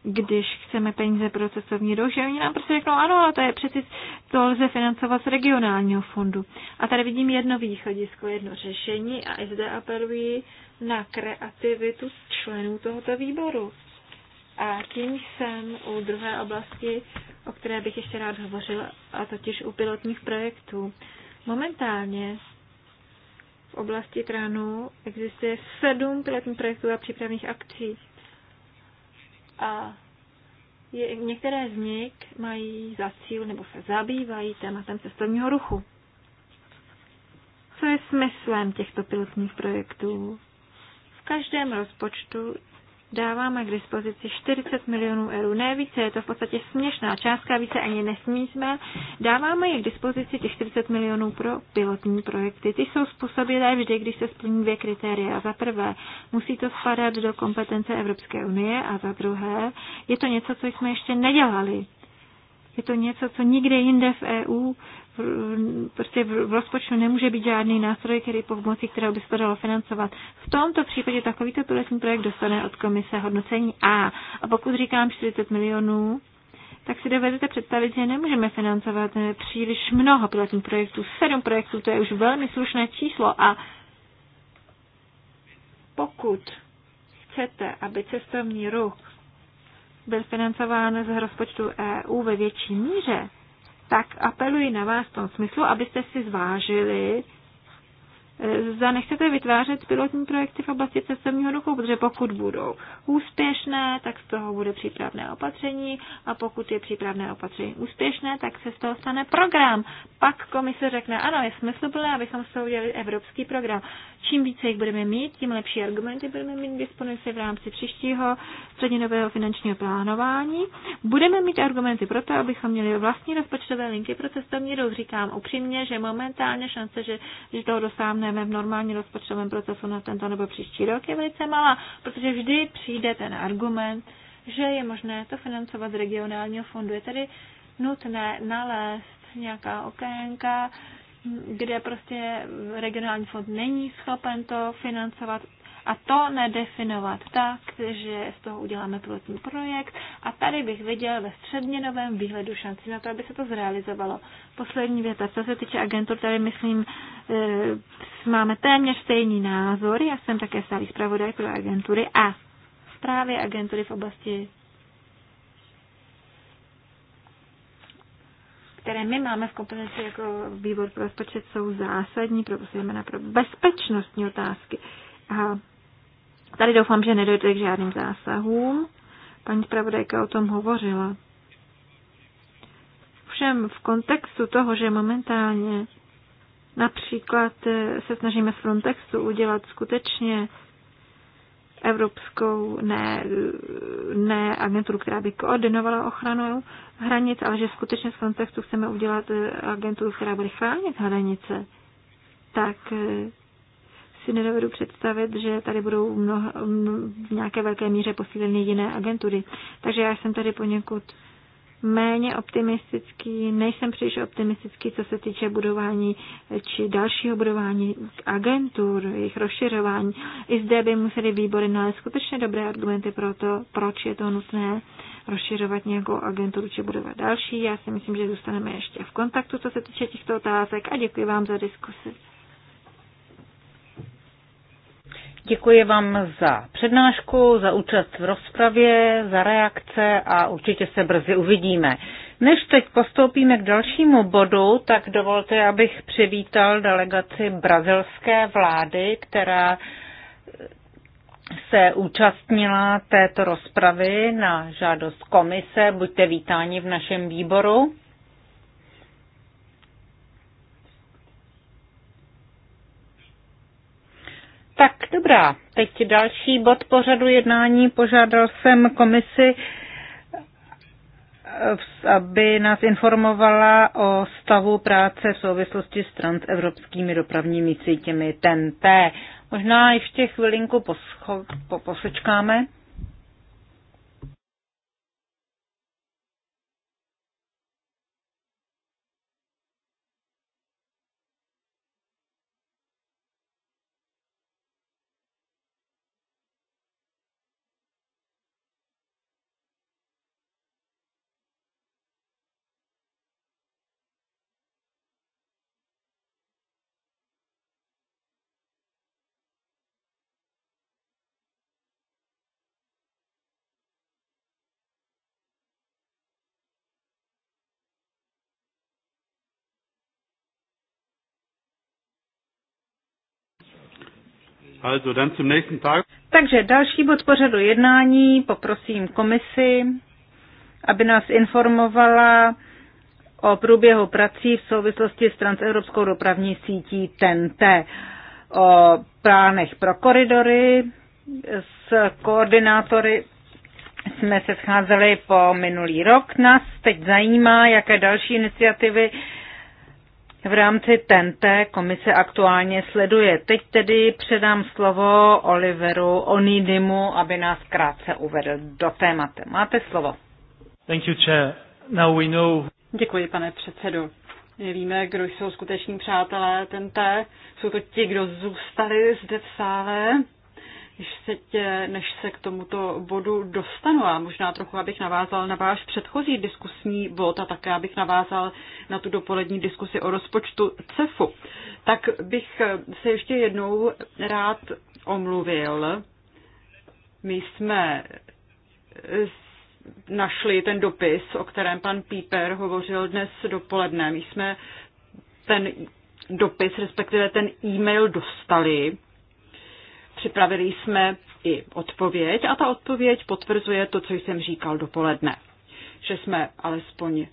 když chceme peníze pro cestovní ruch, že oni nám prostě řeknou, ano, ale to je přeci, to lze financovat z regionálního fondu. A tady vidím jedno východisko, jedno řešení a i zde apeluji na kreativitu členů tohoto výboru. A tím jsem u druhé oblasti, o které bych ještě rád hovořil, a totiž u pilotních projektů. Momentálně v oblasti tranu existuje sedm pilotních projektů a přípravných akcí a je, některé z nich mají za cíl nebo se zabývají tématem cestovního ruchu. Co je smyslem těchto pilotních projektů? V každém rozpočtu dáváme k dispozici 40 milionů eur. Ne více, je to v podstatě směšná částka, více ani nesmíme. Dáváme je k dispozici těch 40 milionů pro pilotní projekty. Ty jsou způsobilé vždy, když se splní dvě kritéria. Za prvé, musí to spadat do kompetence Evropské unie a za druhé, je to něco, co jsme ještě nedělali. Je to něco, co nikde jinde v EU prostě v rozpočtu nemůže být žádný nástroj, který po pomocí kterého by se to dalo financovat. V tomto případě takovýto pilotní projekt dostane od komise hodnocení A. A pokud říkám 40 milionů, tak si dovedete představit, že nemůžeme financovat eh, příliš mnoho pilotních projektů. Sedm projektů, to je už velmi slušné číslo a pokud chcete, aby cestovní ruch byl financován z rozpočtu EU ve větší míře, tak apeluji na vás v tom smyslu, abyste si zvážili, zda nechcete vytvářet pilotní projekty v oblasti cestovního ruchu, protože pokud budou úspěšné, tak z toho bude přípravné opatření a pokud je přípravné opatření úspěšné, tak se z toho stane program. Pak komise řekne, ano, je smysluplné, abychom z toho udělali evropský program. Čím více jich budeme mít, tím lepší argumenty budeme mít dispozici v rámci příštího střednědobého finančního plánování. Budeme mít argumenty pro to, abychom měli vlastní rozpočtové linky pro cestovní ruch. Říkám upřímně, že momentálně šance, že, že toho dosáhne plánujeme v normálním rozpočtovém procesu na tento nebo příští rok, je velice malá, protože vždy přijde ten argument, že je možné to financovat z regionálního fondu. Je tedy nutné nalézt nějaká okénka, kde prostě regionální fond není schopen to financovat a to nedefinovat tak, že z toho uděláme pilotní projekt a tady bych viděl ve střednědobém výhledu šanci na to, aby se to zrealizovalo. Poslední věta, co se týče agentur, tady myslím, eh, máme téměř stejný názor, já jsem také stálý zpravodaj pro agentury a právě agentury v oblasti které my máme v kompetenci jako výbor pro rozpočet, jsou zásadní, pro, pro bezpečnostní otázky. Aha. Tady doufám, že nedojde k žádným zásahům. Paní zpravodajka o tom hovořila. Všem v kontextu toho, že momentálně například eh, se snažíme z Frontexu udělat skutečně evropskou, ne, ne agenturu, která by koordinovala ochranu hranic, ale že skutečně z Frontexu chceme udělat eh, agenturu, která bude chránit hranice, tak eh, si nedovedu představit, že tady budou mnoha, v nějaké velké míře posíleny jiné agentury. Takže já jsem tady poněkud méně optimistický, nejsem příliš optimistický, co se týče budování eh, či dalšího budování agentur, jejich rozšiřování. I zde by museli výbory nalézt skutečně dobré argumenty pro to, proč je to nutné rozšiřovat nějakou agenturu či budovat další. Já si myslím, že zůstaneme ještě v kontaktu, co se týče těchto otázek a děkuji vám za diskusi. Děkuji vám za přednášku, za účast v rozpravě, za reakce a určitě se brzy uvidíme. Než teď postoupíme k dalšímu bodu, tak dovolte, abych přivítal delegaci brazilské vlády, která se účastnila této rozpravy na žádost komise. Buďte vítáni v našem výboru. Tak dobrá, teď další bod pořadu jednání. Požádal jsem komisi, aby nás informovala o stavu práce v souvislosti s transevropskými dopravními sítěmi TNT. Možná ještě chvilinku poscho- po- posečkáme. Also dann zum nächsten Tag. Takže další bod pořadu jednání, poprosím komisi, aby nás informovala o průběhu prací v souvislosti s transevropskou dopravní sítí TNT, o plánech pro koridory, s koordinátory jsme se scházeli po minulý rok. Nás teď zajímá, jaké další iniciativy v rámci TNT komise aktuálně sleduje. Teď tedy předám slovo Oliveru Onidimu, aby nás krátce uvedl do tématu. Máte slovo. Thank you, chair. Now we know... Děkuji, pane předsedo. Víme, kdo jsou skuteční přátelé TNT. Jsou to ti, kdo zůstali zde v sále než se, tě, než se k tomuto bodu dostanu a možná trochu abych navázal na váš předchozí diskusní bod a také abych navázal na tu dopolední diskusi o rozpočtu CEFu, tak bych se ještě jednou rád omluvil. My jsme našli ten dopis, o kterém pan Píper hovořil dnes dopoledne. My jsme ten dopis, respektive ten e-mail dostali Připravili jsme i odpověď a ta odpověď potvrzuje to, co jsem říkal dopoledne. Že jsme alespoň e,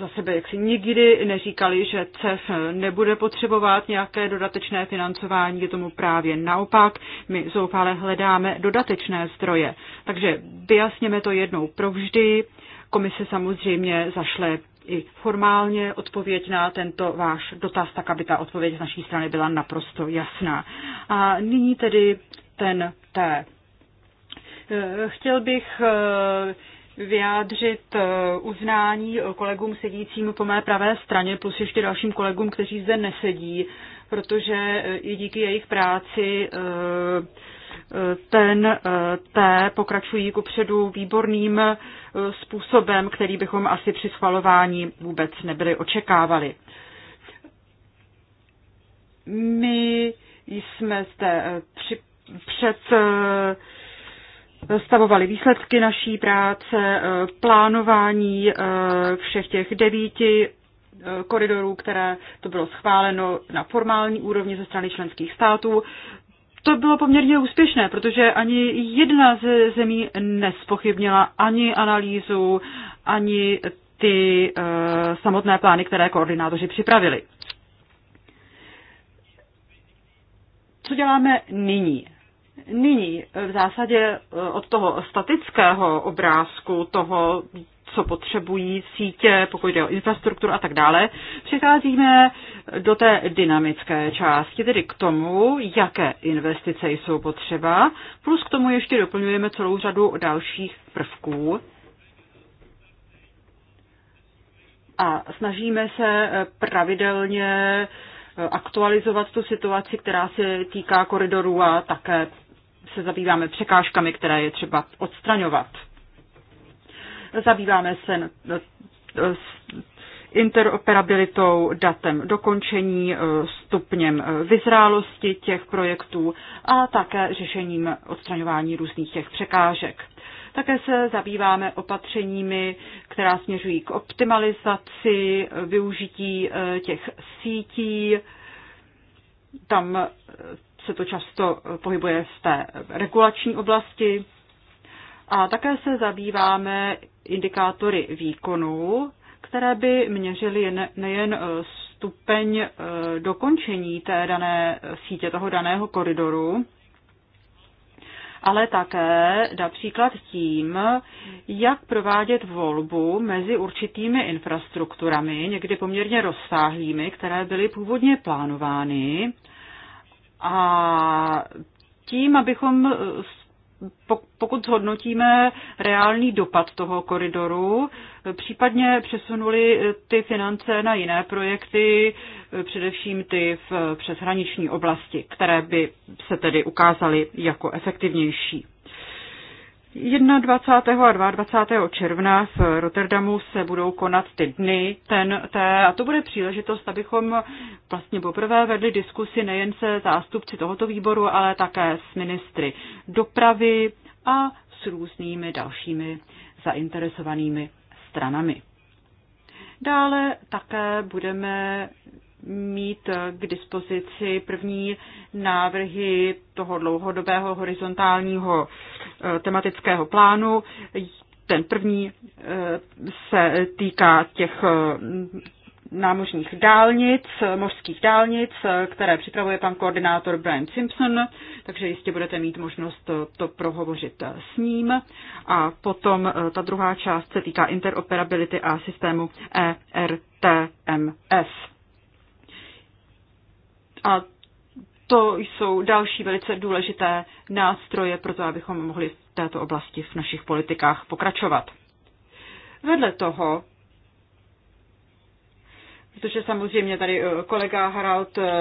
za sebe jaksi nikdy neříkali, že CEF nebude potřebovat nějaké dodatečné financování, je tomu právě naopak. My zoufale hledáme dodatečné zdroje. Takže vyjasněme to jednou provždy. Komise samozřejmě zašle i formálně odpověď na tento váš dotaz, tak aby ta odpověď z naší strany byla naprosto jasná. A nyní tedy ten T. Eh, chtěl bych eh, vyjádřit eh, uznání kolegům sedícím po mé pravé straně, plus ještě dalším kolegům, kteří zde nesedí, protože i díky jejich práci ten eh, té pokračují ku předu výborným eh, způsobem, který bychom asi při schvalování vůbec nebyli očekávali. My jsme zde eh, při, před stavovali výsledky naší práce, plánování všech těch devíti koridorů, které to bylo schváleno na formální úrovni ze strany členských států to bylo poměrně úspěšné, protože ani jedna ze zemí nespochybnila ani analýzu, ani ty e, samotné plány, které koordinátoři připravili. Co děláme nyní? Nyní v zásadě eh, od toho statického obrázku, toho, co potřebují sítě, pokud jde o infrastrukturu a tak dále, přicházíme do té dynamické části, tedy k tomu, jaké investice jsou potřeba, plus k tomu ještě doplňujeme celou řadu dalších prvků, a snažíme se pravidelně eh, aktualizovat tu situaci, která se týká koridorů a také se zabýváme překážkami, které je třeba odstraňovat. Zabýváme se eh, interoperabilitou, datem dokončení, eh, stupněm eh, vyzrálosti těch projektů a také řešením odstraňování různých těch překážek. Také se zabýváme opatřeními, která směřují k optimalizaci využití těch sítí. Tam se to často pohybuje v té regulační oblasti. A také se zabýváme indikátory výkonu, které by měřily nejen e, stupeň e, dokončení té dané sítě, toho daného koridoru, ale také například tím, jak provádět volbu mezi určitými infrastrukturami, někdy poměrně rozsáhlými, které byly původně plánovány, a tím, abychom pokud zhodnotíme reálný dopad toho koridoru, případně přesunuli eh, ty finance na jiné projekty, eh, především ty v eh, přeshraniční oblasti, které by se tedy ukázaly jako efektivnější. 21. a 22. června v Rotterdamu se budou konat ty dny ten, té, a to bude příležitost, abychom vlastně poprvé vedli diskusi nejen se zástupci tohoto výboru, ale také s ministry dopravy a s různými dalšími zainteresovanými stranami. Dále také budeme mít k dispozici první návrhy toho dlouhodobého horizontálního eh, tematického plánu. Ten první eh, se týká těch eh, námořních dálnic, mořských dálnic, které připravuje pan koordinátor Brian Simpson, takže jistě budete mít možnost to prohovořit s ním. A potom ta druhá část se týká interoperability a systému ERTMS. A to jsou další velice důležité nástroje pro to, abychom mohli v této oblasti v našich politikách pokračovat. Vedle toho, protože samozřejmě tady eh, kolega Harald eh,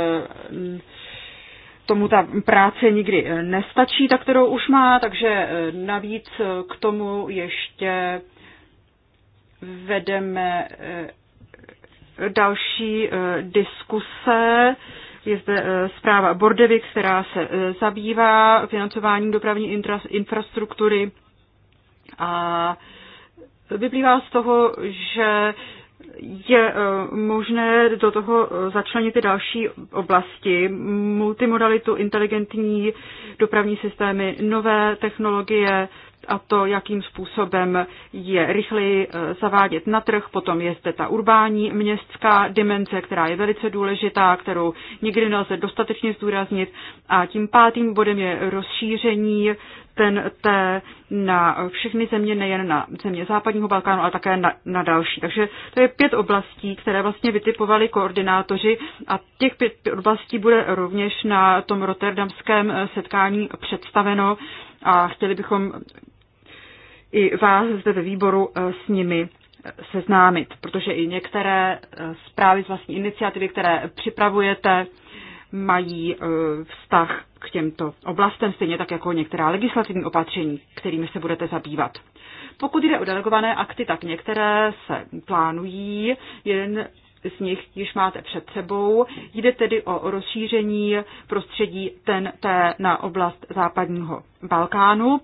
tomu ta práce nikdy eh, nestačí, tak kterou už má, takže navíc k tomu ještě vedeme další diskuse je zde e, zpráva Bordevik, která se e, zabývá financováním dopravní infrastruktury a vyplývá z toho, že je e, možné do toho začlenit i další oblasti, multimodalitu, inteligentní dopravní systémy, nové technologie, a to, jakým způsobem je rychleji eh, zavádět na trh. Potom je zde ta urbání městská dimenze, která je velice důležitá, kterou nikdy nelze dostatečně zdůraznit. A tím pátým bodem je rozšíření ten t na všechny země, nejen na země západního Balkánu, ale také na, na další. Takže to je pět oblastí, které vlastně vytipovali koordinátoři a těch pět oblastí bude rovněž na tom rotterdamském eh, setkání představeno a chtěli bychom i vás zde ve výboru e, s nimi e, seznámit, protože i některé e, zprávy z vlastní iniciativy, které připravujete, mají vztah k těmto oblastem, stejně tak jako některá legislativní opatření, kterými se budete zabývat. Pokud jde o delegované akty, tak některé se plánují, jeden z nich již máte před sebou. Jde tedy o rozšíření prostředí TNT na oblast západního Balkánu.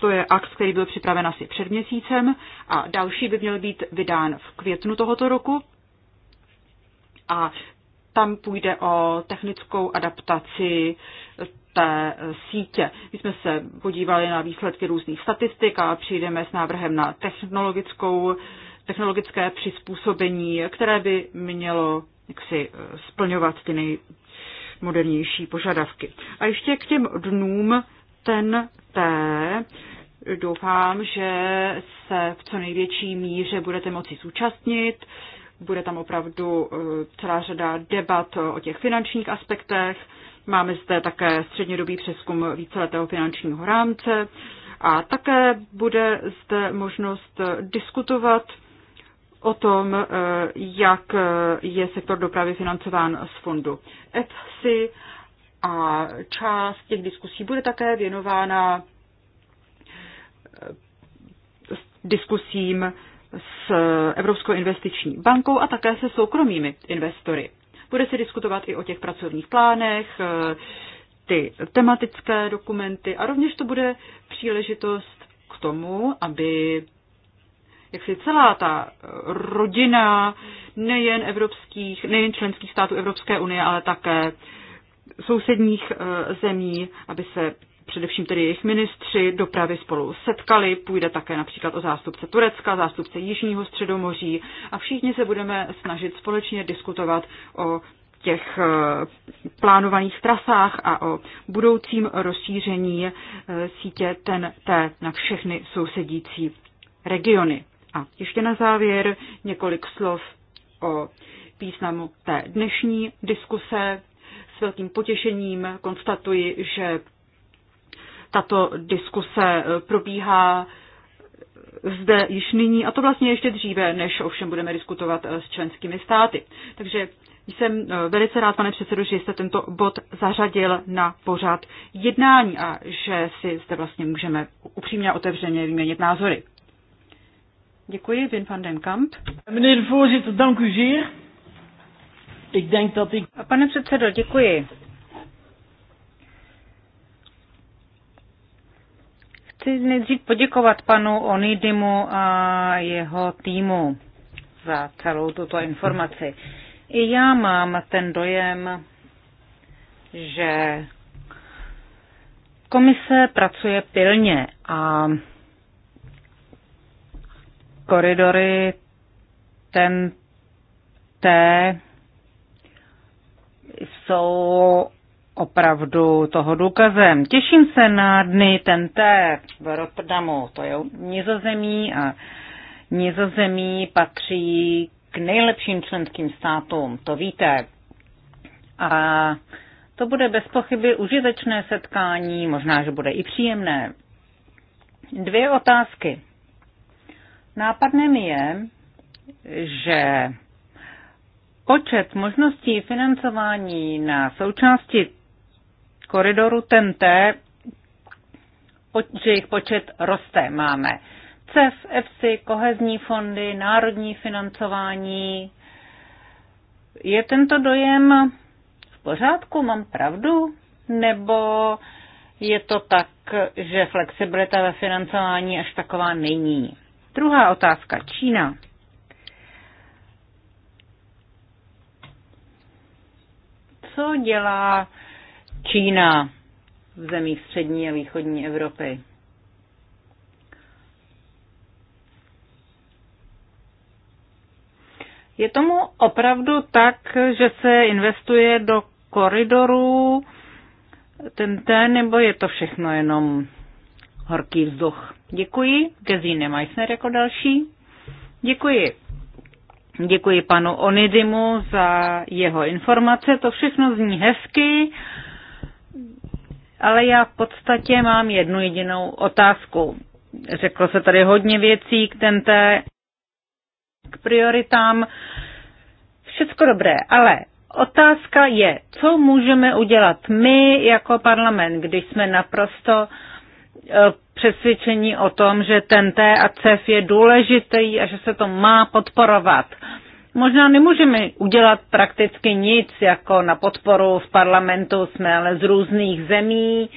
To je akt, který byl připraven asi před měsícem a další by měl být vydán v květnu tohoto roku. A tam půjde o technickou adaptaci té sítě. My jsme se podívali na výsledky různých statistik a přijdeme s návrhem na technologickou, technologické přizpůsobení, které by mělo jaksi eh, splňovat ty nejmodernější požadavky. A ještě k těm dnům ten té doufám, že se v co největší míře budete moci zúčastnit. Bude tam opravdu eh, celá řada debat o těch finančních aspektech. Máme zde také střednědobý přeskum víceletého finančního rámce a také bude zde možnost eh, diskutovat o tom, eh, jak je sektor dopravy financován z fondu EFSI a část těch diskusí bude také věnována eh, diskusím s Evropskou investiční bankou a také se soukromými investory. Bude se diskutovat i o těch pracovních plánech, eh, ty tematické dokumenty a rovněž to bude příležitost k tomu, aby jak si celá ta rodina nejen evropských, nejen členských států Evropské unie, ale také sousedních eh, zemí, aby se především tedy jejich ministři dopravy spolu setkali. Půjde také například o zástupce Turecka, zástupce Jižního středomoří a všichni se budeme snažit společně diskutovat o těch eh, plánovaných trasách a o budoucím rozšíření eh, sítě TEN-T na všechny sousedící regiony. A ještě na závěr několik slov o významu té dnešní diskuse. S velkým potěšením konstatuji, že tato diskuse eh, probíhá eh, zde již nyní, a to vlastně ještě dříve, než ovšem budeme diskutovat eh, s členskými státy. Takže jsem velice rád, pane předsedo, že jste tento bod zařadil na pořad jednání a že si zde vlastně můžeme upřímně a otevřeně vyměnit názory. Děkuji, Vin van den Kamp. Meneer de voorzitter, dank u zeer. Ik denk dat ik... Pane předsedo, děkuji. Chci nejdřív poděkovat panu Onidimu a jeho týmu za celou tuto informaci. I já mám ten dojem, že komise pracuje pilně a koridory ten T jsou opravdu toho důkazem. Těším se na dny TNT v Rotterdamu, to je nizozemí a nizozemí patří k nejlepším členským státům, to víte. A to bude bez pochyby užitečné setkání, možná, že bude i příjemné. Dvě otázky. Nápadné mi je, že Počet možností financování na součásti koridoru TNT, že jejich počet roste, máme CEF, EFSI, kohezní fondy, národní financování. Je tento dojem v pořádku, mám pravdu? Nebo je to tak, že flexibilita ve financování až taková není? Druhá otázka, Čína. Co dělá Čína v zemích střední a východní Evropy? Je tomu opravdu tak, že se investuje do koridorů ten ten, nebo je to všechno jenom horký vzduch? Děkuji. Gezine Meissner jako další. Děkuji. Děkuji panu Onidimu za jeho informace. To všechno zní hezky, ale já v podstatě mám jednu jedinou otázku. Řeklo se tady hodně věcí k tenté, k prioritám. Všecko dobré, ale otázka je, co můžeme udělat my jako parlament, když jsme naprosto Eh, přesvědčení o tom, že T a CEF je důležitý a že se to má podporovat. Možná nemůžeme udělat prakticky nic, jako na podporu v parlamentu jsme ale z různých zemí,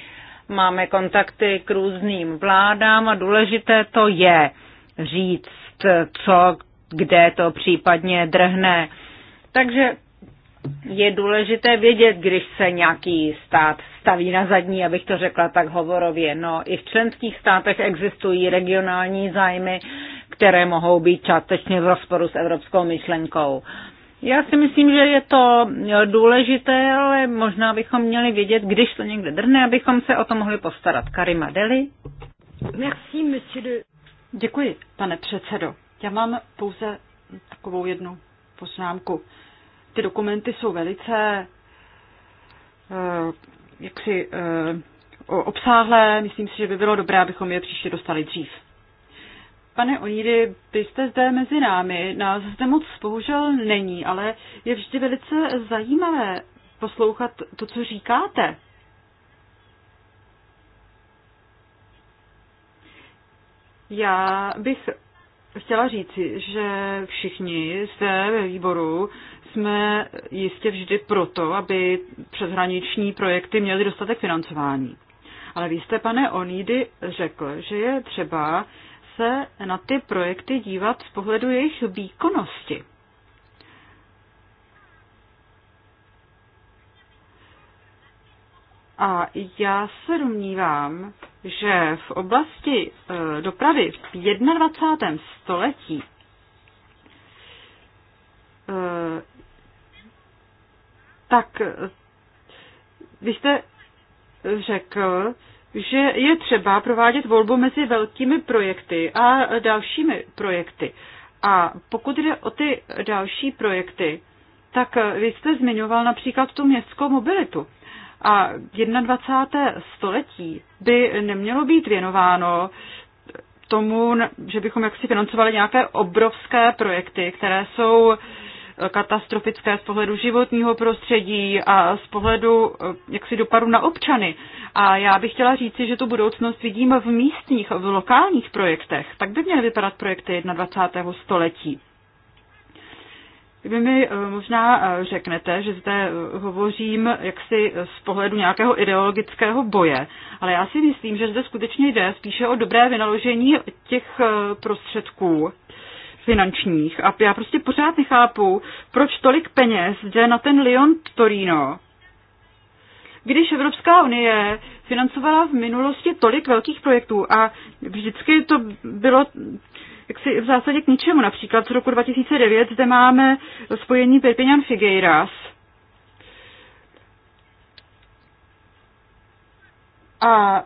máme kontakty k různým vládám a důležité to je říct, co, kde to případně drhne. Takže je důležité vědět, když se nějaký stát staví na zadní, abych to řekla tak hovorově. No, i v členských státech existují regionální zájmy, které mohou být částečně v rozporu s evropskou myšlenkou. Já si myslím, že je to důležité, ale možná bychom měli vědět, když to někde drhne, abychom se o to mohli postarat. Karima Deli. Merci, monsieur le... Děkuji, pane předsedo. Já mám pouze takovou jednu poznámku ty dokumenty jsou velice eh, jaksi eh, obsáhlé. Myslím si, že by bylo dobré, abychom je příště dostali dřív. Pane Oníry, vy jste zde mezi námi. Nás zde moc bohužel není, ale je vždy velice zajímavé poslouchat to, co říkáte. Já bych chtěla říci, že všichni zde ve výboru jsme jistě vždy proto, aby přeshraniční projekty měly dostatek financování. Ale vy jste, pane Onídy, řekl, že je třeba se na ty projekty dívat z pohledu jejich výkonnosti. A já se domnívám, že v oblasti e, dopravy v 21. století e, tak vy jste řekl, že je třeba provádět volbu mezi velkými projekty a dalšími projekty. A pokud jde o ty další projekty, tak vy jste zmiňoval například tu městskou mobilitu. A 21. století by nemělo být věnováno tomu, že bychom jaksi financovali nějaké obrovské projekty, které jsou katastrofické z pohledu životního prostředí a z pohledu eh, jaksi dopadu na občany. A já bych chtěla říci, že tu budoucnost vidím v místních, v lokálních projektech. Tak by měly vypadat projekty 21. století. Vy mi eh, možná eh, řeknete, že zde hovořím jaksi z pohledu nějakého ideologického boje, ale já si myslím, že zde skutečně jde spíše o dobré vynaložení těch prostředků, finančních. A já prostě pořád nechápu, proč tolik peněz jde na ten Lyon Torino, když Evropská unie financovala v minulosti tolik velkých projektů a vždycky to bylo jaksi v zásadě k ničemu. Například z roku 2009 zde máme spojení Perpignan Figueiras. A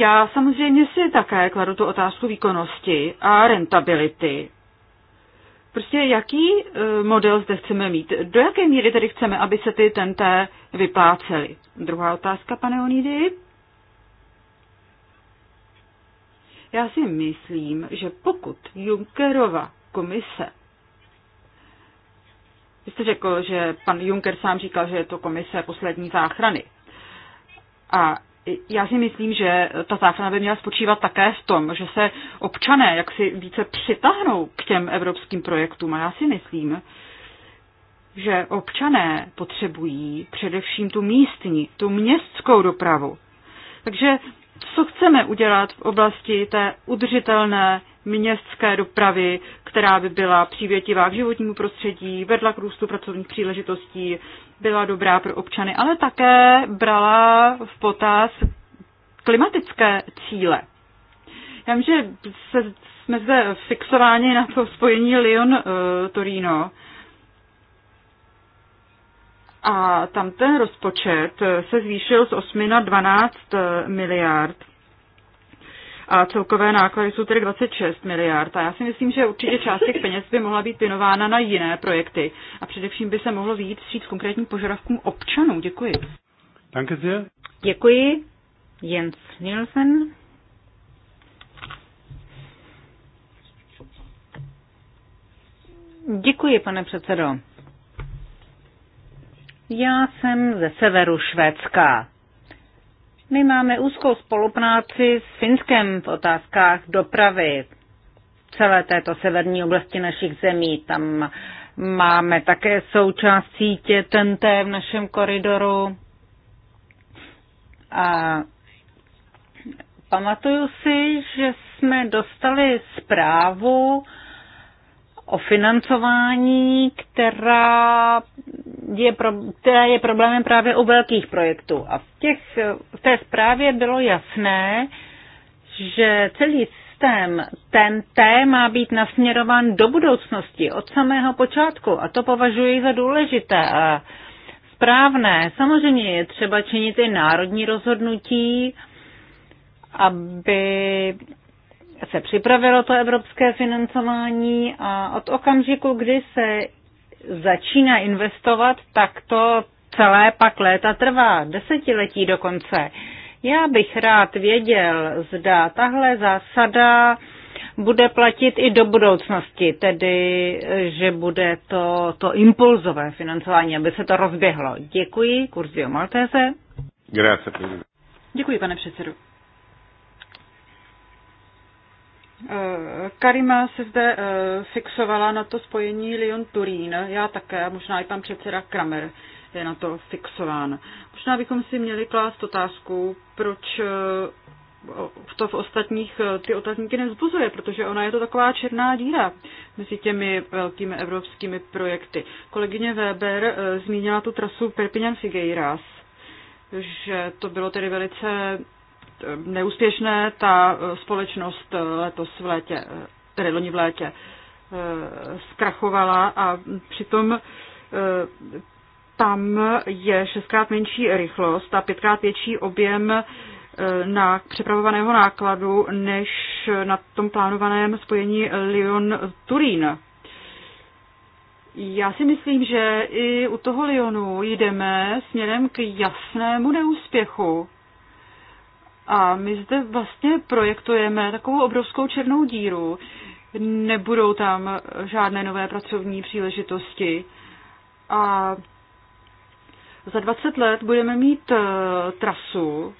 já samozřejmě si také kladu tu otázku výkonnosti a rentability. Prostě jaký e, model zde chceme mít? Do jaké míry tedy chceme, aby se ty tenté vyplácely? Druhá otázka, pane Onidy. Já si myslím, že pokud Junckerova komise vy jste řekl, že pan Juncker sám říkal, že je to komise poslední záchrany. A já si myslím, že ta záchrana by měla spočívat také v tom, že se občané jaksi více přitahnou k těm evropským projektům. A já si myslím, že občané potřebují především tu místní, tu městskou dopravu. Takže co chceme udělat v oblasti té udržitelné městské dopravy, která by byla přívětivá k životnímu prostředí, vedla k růstu pracovních příležitostí, byla dobrá pro občany, ale také brala v potaz klimatické cíle. Já vím, že se, jsme zde fixováni na to spojení Lyon-Torino, a tam ten rozpočet se zvýšil z 8 na 12 eh, miliard a celkové náklady jsou tedy 26 miliard. A já si myslím, že určitě část těch peněz by mohla být věnována na jiné projekty a především by se mohlo vyjít vstříc konkrétním požadavkům občanů. Děkuji. Danke sehr. Děkuji. Jens Nielsen. Děkuji, pane předsedo. Já jsem ze severu Švédska. My máme úzkou spolupráci s Finskem v otázkách dopravy celé této severní oblasti našich zemí. Tam máme také součást sítě TNT v našem koridoru. A pamatuju si, že jsme dostali zprávu, o financování, která je, pro, která je problémem právě u velkých projektů. A v, těch, v té zprávě bylo jasné, že celý systém ten TNT má být nasměrován do budoucnosti od samého počátku a to považuji za důležité a správné. Samozřejmě je třeba činit i národní rozhodnutí, aby se připravilo to evropské financování a od okamžiku, kdy se začíná investovat, tak to celé pak léta trvá, desetiletí dokonce. Já bych rád věděl, zda tahle zásada bude platit i do budoucnosti, tedy že bude to, to impulzové financování, aby se to rozběhlo. Děkuji, Kurzio Maltese. Grazie. Děkuji, pane předsedu. Eh, Karima se zde eh, fixovala na to spojení Lyon-Turín, já také, možná i pan předseda Kramer je na to fixován. Možná bychom si měli klást otázku, proč eh, to v ostatních ty otazníky nezbuzuje, protože ona je to taková černá díra mezi těmi velkými evropskými projekty. Kolegyně Weber zmínila tu trasu Perpignan-Figueiras, že to bylo tedy velice neúspěšné. Ta e, společnost e, letos v létě, e, tedy loni v létě, zkrachovala a přitom tam je šestkrát menší rychlost a pětkrát větší objem na přepravovaného nákladu než na tom plánovaném spojení Lyon-Turín. Já si myslím, že i u toho Lyonu jdeme směrem k jasnému neúspěchu. A my zde vlastně projektujeme takovou obrovskou černou díru. Nebudou tam žádné nové pracovní příležitosti. A za 20 let budeme mít eh, trasu,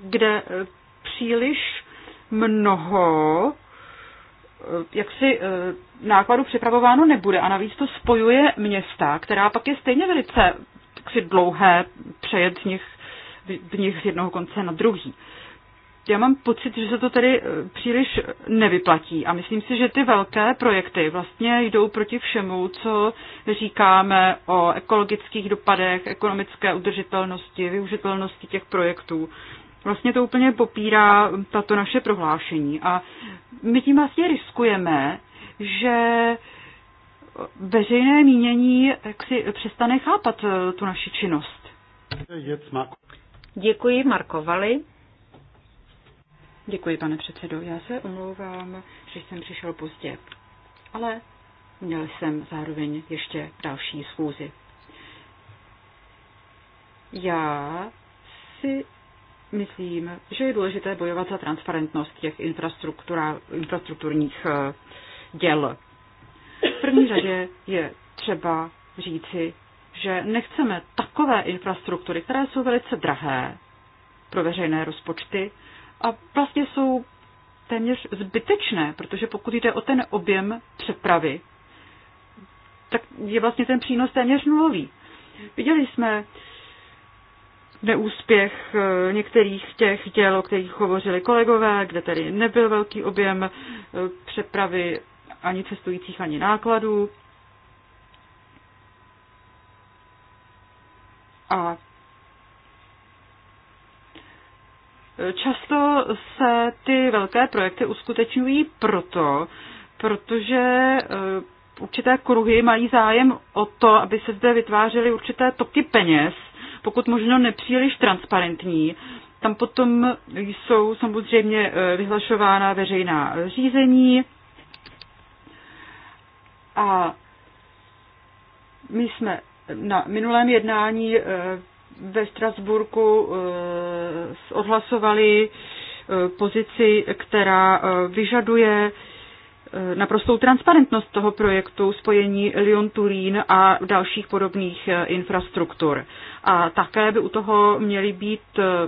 kde eh, příliš mnoho eh, jaksi nákladu připravováno nebude a navíc to spojuje města, která pak je stejně velice si dlouhé přejet z nich v nich z jednoho konce na druhý. Já mám pocit, že se to tady eh, příliš nevyplatí a myslím si, že ty velké projekty vlastně jdou proti všemu, co říkáme o ekologických dopadech, ekonomické udržitelnosti, využitelnosti těch projektů. Vlastně to úplně popírá tato naše prohlášení a my tím vlastně riskujeme, že veřejné mínění jak si přestane chápat eh, tu naši činnost. Děkuji, Markovali. Děkuji, pane předsedo. Já se omlouvám, že jsem přišel pozdě, ale měl jsem zároveň ještě další schůzi. Já si myslím, že je důležité bojovat za transparentnost těch infrastrukturních eh, děl. V první řadě je třeba říci, že nechceme takové infrastruktury, které jsou velice drahé pro veřejné rozpočty a vlastně jsou téměř zbytečné, protože pokud jde o ten objem přepravy, tak je vlastně ten přínos téměř nulový. Viděli jsme neúspěch eh, některých těch děl, o kterých hovořili kolegové, kde tedy nebyl velký objem eh, přepravy ani cestujících, ani nákladů. A často se ty velké projekty uskutečňují proto, protože eh, určité kruhy mají zájem o to, aby se zde vytvářely určité toky peněz, pokud možno nepříliš transparentní. Tam potom jsou samozřejmě eh, vyhlašována veřejná řízení a my jsme na minulém jednání eh, ve Strasburku eh, odhlasovali eh, pozici, která vyžaduje naprostou transparentnost toho projektu spojení Lyon-Turín a dalších podobných infrastruktur. A také by u toho měly být,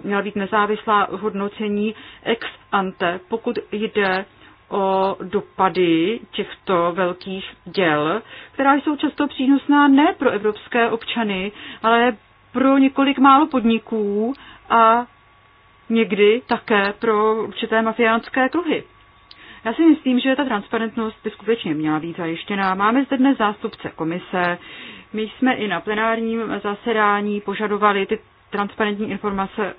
měla být nezávislá hodnocení ex ante, pokud jde o dopady těchto velkých děl, která jsou často přínosná ne pro evropské občany, ale pro několik málo podniků a někdy také pro určité mafiánské kruhy. Já si myslím, že ta transparentnost by skutečně měla být zajištěná. Máme zde dnes zástupce komise. My jsme i na plenárním zasedání požadovali ty transparentní informace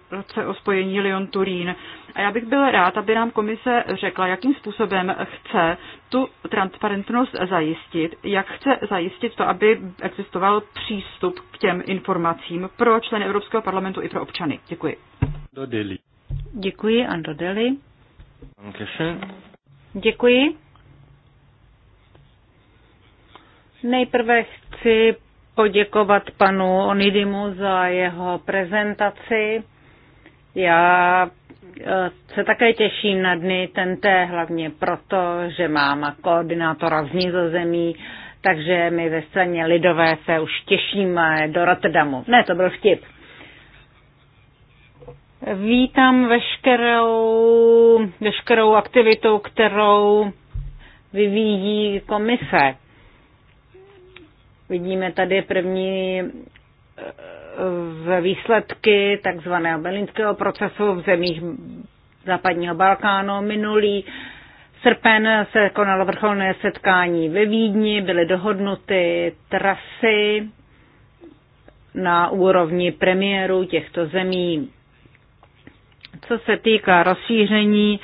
o spojení Lyon-Turín. A já bych byl rád, aby nám komise řekla, jakým způsobem chce tu transparentnost zajistit, jak chce zajistit to, aby existoval přístup k těm informacím pro členy Evropského parlamentu i pro občany. Děkuji. Dodeli. Děkuji, Ando Deli. Děkuji. Nejprve chci poděkovat panu Onidimu za jeho prezentaci. Já e, se také těším na dny TNT, hlavně proto, že mám koordinátora z Nizozemí, takže my ve straně Lidové se už těšíme do Rotterdamu. Ne, to byl vtip. Vítám veškerou, veškerou aktivitu, kterou vyvíjí komise Vidíme tady první eh, výsledky takzvaného berlínského procesu v zemích západního Balkánu. Minulý srpen se konalo vrcholné setkání ve Vídni, byly dohodnuty trasy na úrovni premiérů těchto zemí. Co se týká rozšíření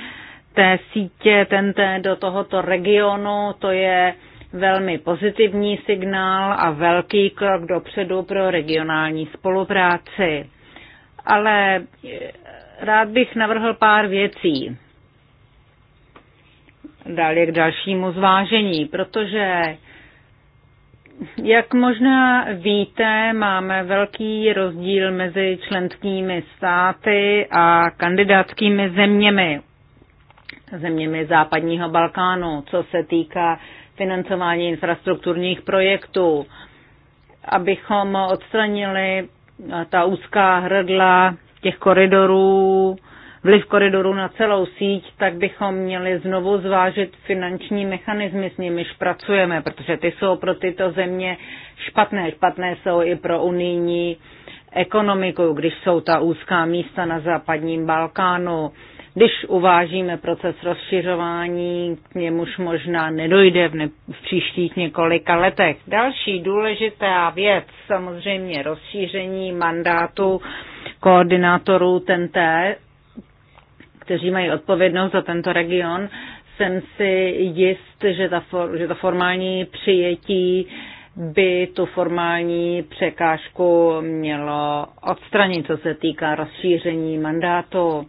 té sítě TNT do tohoto regionu, to je velmi pozitivní signál a velký krok dopředu pro regionální spolupráci. Ale rád bych navrhl pár věcí. Dále k dalšímu zvážení, protože jak možná víte, máme velký rozdíl mezi členskými státy a kandidátskými zeměmi, zeměmi západního Balkánu, co se týká financování infrastrukturních projektů, abychom odstranili ta úzká hrdla těch koridorů, vliv koridorů na celou síť, tak bychom měli znovu zvážit finanční mechanismy, s nimiž pracujeme, protože ty jsou pro tyto země špatné. Špatné jsou i pro unijní ekonomiku, když jsou ta úzká místa na západním Balkánu když uvážíme proces rozšiřování, k němuž možná nedojde v, ne- v příštích několika letech. Další důležitá věc, samozřejmě rozšíření mandátu koordinátorů TNT, kteří mají odpovědnost za tento region, jsem si jist, že, ta for- že to formální přijetí by tu formální překážku mělo odstranit, co se týká rozšíření mandátu.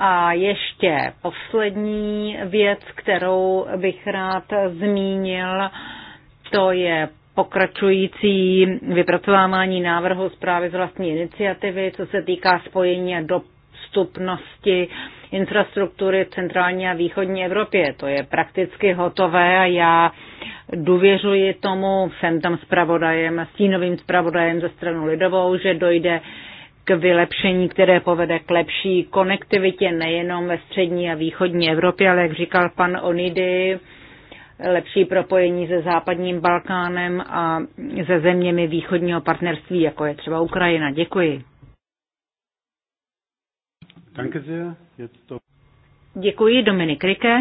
A ještě poslední věc, kterou bych rád zmínil, to je pokračující vypracovávání návrhu zprávy z vlastní iniciativy, co se týká spojení a dostupnosti infrastruktury v centrální a východní Evropě. To je prakticky hotové a já důvěřuji tomu, jsem tam zpravodajem, stínovým zpravodajem ze stranu Lidovou, že dojde k vylepšení, které povede k lepší konektivitě nejenom ve střední a východní Evropě, ale jak říkal pan Onidy, lepší propojení se západním Balkánem a se zeměmi východního partnerství, jako je třeba Ukrajina. Děkuji. Danke sehr. Jetzt to... Děkuji, Dominik Rike.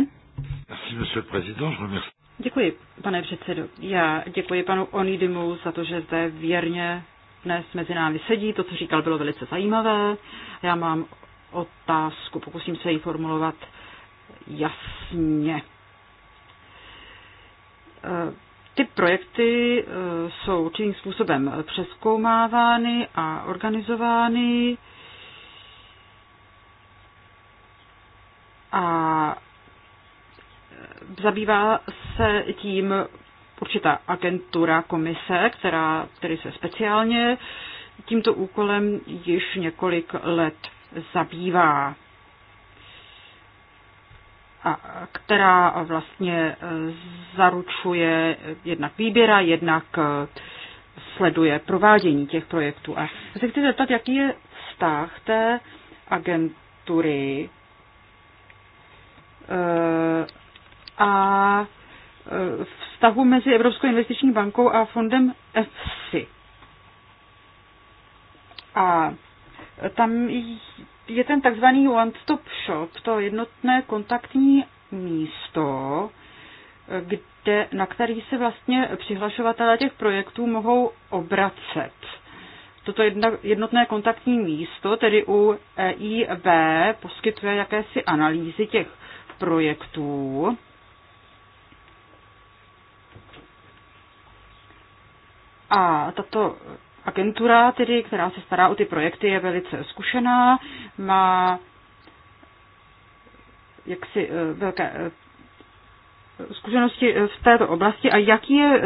Děkuji, pane předsedo. Já děkuji panu Onidimu za to, že zde věrně dnes mezi námi sedí. To, co říkal, bylo velice zajímavé. Já mám otázku, pokusím se ji formulovat jasně. E, ty projekty e, jsou určitým způsobem přeskoumávány a organizovány. A zabývá se tím určitá agentura komise, která který se speciálně tímto úkolem již několik let zabývá a která vlastně eh, zaručuje jednak výběra, jednak eh, sleduje provádění těch projektů. A se chci zeptat, jaký je vztah té agentury eh, a vztahu mezi Evropskou investiční bankou a fondem EFSI. A tam je ten takzvaný one-stop shop, to jednotné kontaktní místo, kde, na který se vlastně přihlašovatelé těch projektů mohou obracet. Toto jednotné kontaktní místo, tedy u EIB, poskytuje jakési analýzy těch projektů A tato agentura, tedy, která se stará o ty projekty, je velice zkušená, má jaksi eh, velké eh, zkušenosti eh, v této oblasti a jaký je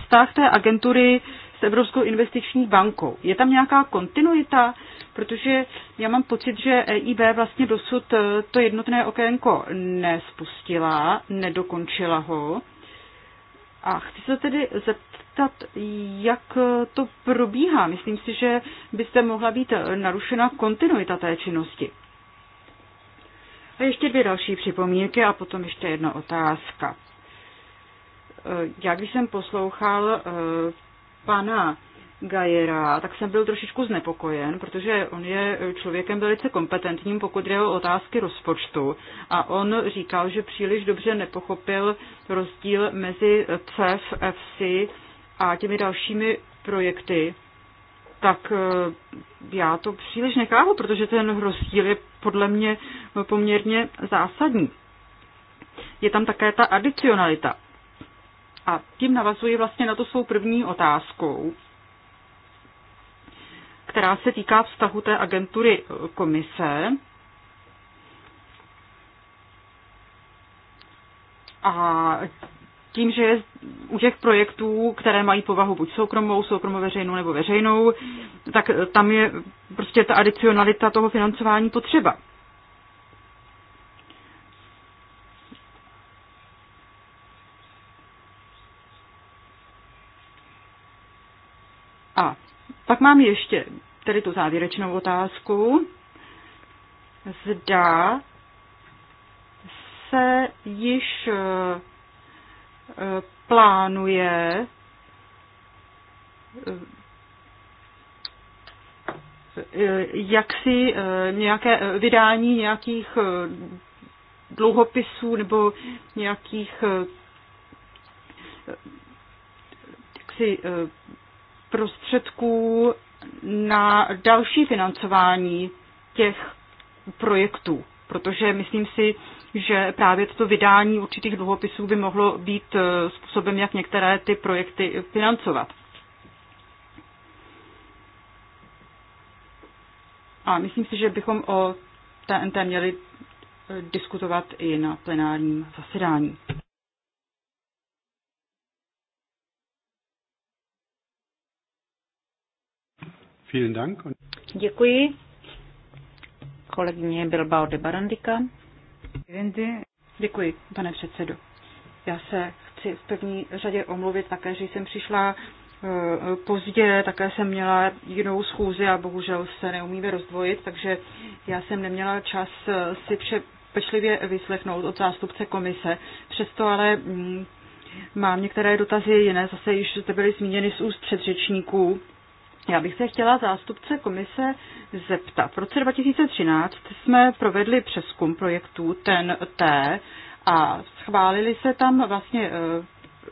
vztah té agentury s Evropskou investiční bankou. Je tam nějaká kontinuita, protože já mám pocit, že EIB vlastně dosud to jednotné okénko nespustila, nedokončila ho. A chci se tedy zeptat, zeptat, jak to probíhá. Myslím si, že byste mohla být narušena kontinuita té činnosti. A ještě dvě další připomínky a potom ještě jedna otázka. Já když jsem poslouchal eh, pana Gajera, tak jsem byl trošičku znepokojen, protože on je člověkem velice kompetentním, pokud jde o otázky rozpočtu. A on říkal, že příliš dobře nepochopil rozdíl mezi CEF, FC a těmi dalšími projekty, tak e, já to příliš nechápu, protože ten rozdíl je podle mě poměrně zásadní. Je tam také ta adicionalita. A tím navazuji vlastně na tu svou první otázkou, která se týká vztahu té agentury komise. A tím, že u těch projektů, které mají povahu buď soukromou, soukromou veřejnou nebo veřejnou, tak tam je prostě ta adicionalita toho financování potřeba. A pak mám ještě tedy tu závěrečnou otázku. Zda se již eh, plánuje jaksi eh, nějaké eh, vydání nějakých eh, dluhopisů nebo nějakých jaksi prostředků na další financování těch projektů, protože myslím si, že právě toto vydání určitých dluhopisů by mohlo být eh, způsobem, jak některé ty projekty financovat. A myslím si, že bychom o TNT měli eh, diskutovat i na plenárním zasedání. Děkuji. Kolegyně Bilbao de Barandika. Děkuji, pane předsedo. Já se chci v první řadě omluvit také, že jsem přišla eh, pozdě, také jsem měla jinou schůzi a bohužel se neumíme rozdvojit, takže já jsem neměla čas eh, si vše pečlivě vyslechnout od zástupce komise. Přesto ale mm, mám některé dotazy jiné, zase již zde byly zmíněny z úst předřečníků. Já bych se chtěla zástupce komise zeptat. V roce 2013 jsme provedli přeskum projektů TEN-T a schválili se tam vlastně eh,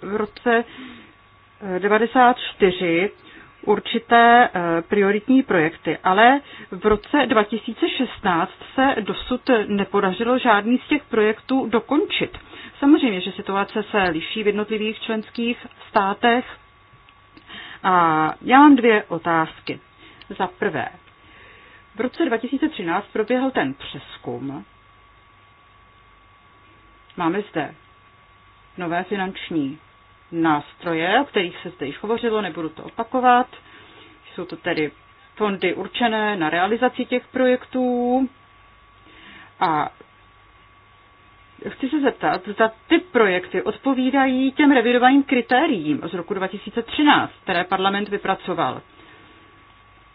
v roce 1994 eh, určité eh, prioritní projekty, ale v roce 2016 se dosud nepodařilo žádný z těch projektů dokončit. Samozřejmě, že situace se liší v jednotlivých členských státech, a já mám dvě otázky. Za prvé, v roce 2013 proběhl ten přeskum. Máme zde nové finanční nástroje, o kterých se zde již hovořilo, nebudu to opakovat. Jsou to tedy fondy určené na realizaci těch projektů a Chci se zeptat, zda ty projekty odpovídají těm revidovaným kritériím z roku 2013, které parlament vypracoval.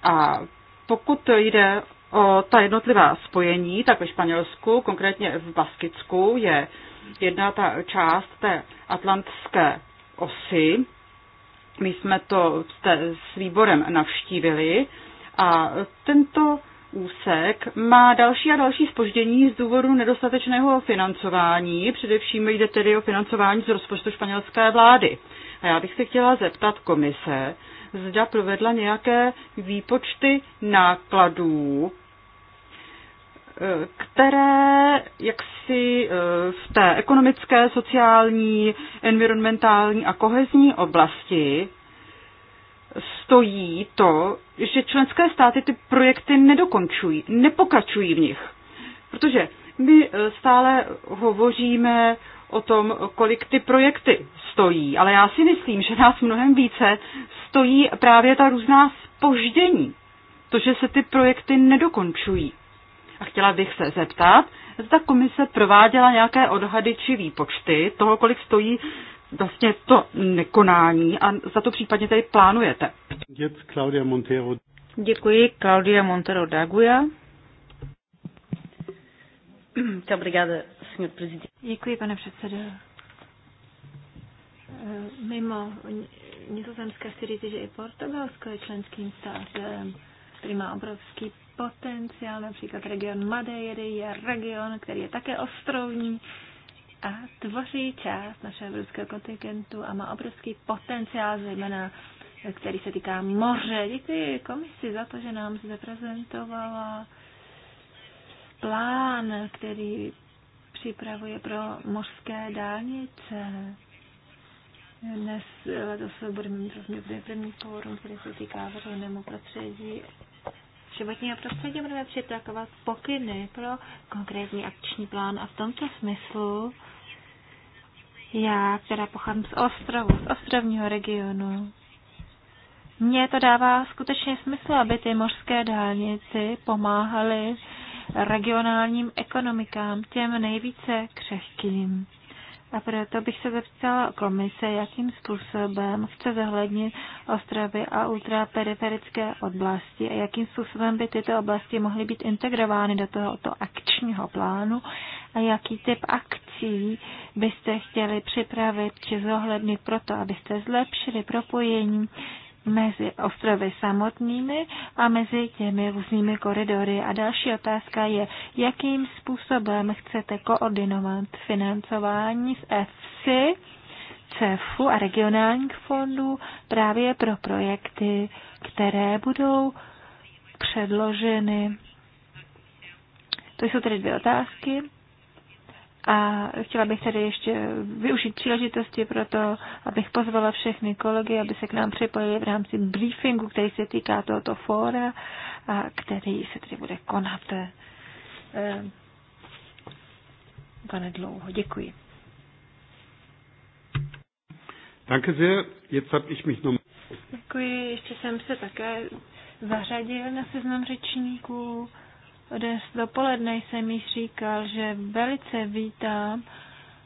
A pokud jde o ta jednotlivá spojení, tak ve Španělsku, konkrétně v Baskicku, je jedna ta část té atlantské osy. My jsme to s výborem navštívili a tento úsek má další a další spoždění z důvodu nedostatečného financování. Především jde tedy o financování z rozpočtu španělské vlády. A já bych se chtěla zeptat komise, zda provedla nějaké výpočty nákladů, eh, které jaksi eh, v té ekonomické, sociální, environmentální a kohezní oblasti stojí to, že členské státy ty projekty nedokončují, nepokračují v nich. Protože my eh, stále hovoříme o tom, kolik ty projekty stojí, ale já si myslím, že nás mnohem více stojí právě ta různá spoždění, to, že se ty projekty nedokončují. A chtěla bych se zeptat, zda komise prováděla nějaké odhady či výpočty toho, kolik stojí vlastně to nekonání a za to případně tady plánujete. Jetzt Claudia Montero. Děkuji, Claudia Montero Daguia. Děkuji, pane předsedo. Eh, mimo Nizozemské chci říct, že i Portugalsko je členským státem, který má obrovský potenciál, například region Madeira je region, který je také ostrovní, a tvoří část našeho evropského kontingentu a má obrovský potenciál, zejména který se týká moře. Děkuji komisi za to, že nám zde prezentovala plán, který připravuje pro mořské dálnice. Dnes eh, letos budeme mít rozměrný první fórum, který se týká veřejnému prostředí životního prostředí budeme připravovat pokyny pro konkrétní akční plán a v tomto smyslu já, která pocházím z ostrovu, z ostrovního regionu, mně to dává skutečně smysl, aby ty mořské dálnici pomáhaly regionálním ekonomikám, těm nejvíce křehkým. A proto bych se zeptala komise, jakým způsobem chce zohlednit ostrovy a ultraperiferické oblasti a jakým způsobem by tyto oblasti mohly být integrovány do tohoto akčního plánu, a jaký typ akcí byste chtěli připravit či zohlednit proto, abyste zlepšili propojení mezi ostrovy samotnými a mezi těmi různými koridory. A další otázka je, jakým způsobem chcete koordinovat financování z EFSI, CEFu a regionálních fondů právě pro projekty, které budou předloženy. To jsou tedy dvě otázky. A chtěla bych tady ještě využít příležitosti pro to, abych pozvala všechny kolegy, aby se k nám připojili v rámci briefingu, který se týká tohoto fóra, a který se tedy bude konat eh, pane dlouho. Děkuji. Danke sehr. Jetzt habe ich mich Děkuji, ještě jsem se také zařadil na seznam řečníků dnes dopoledne jsem již říkal, že velice vítám,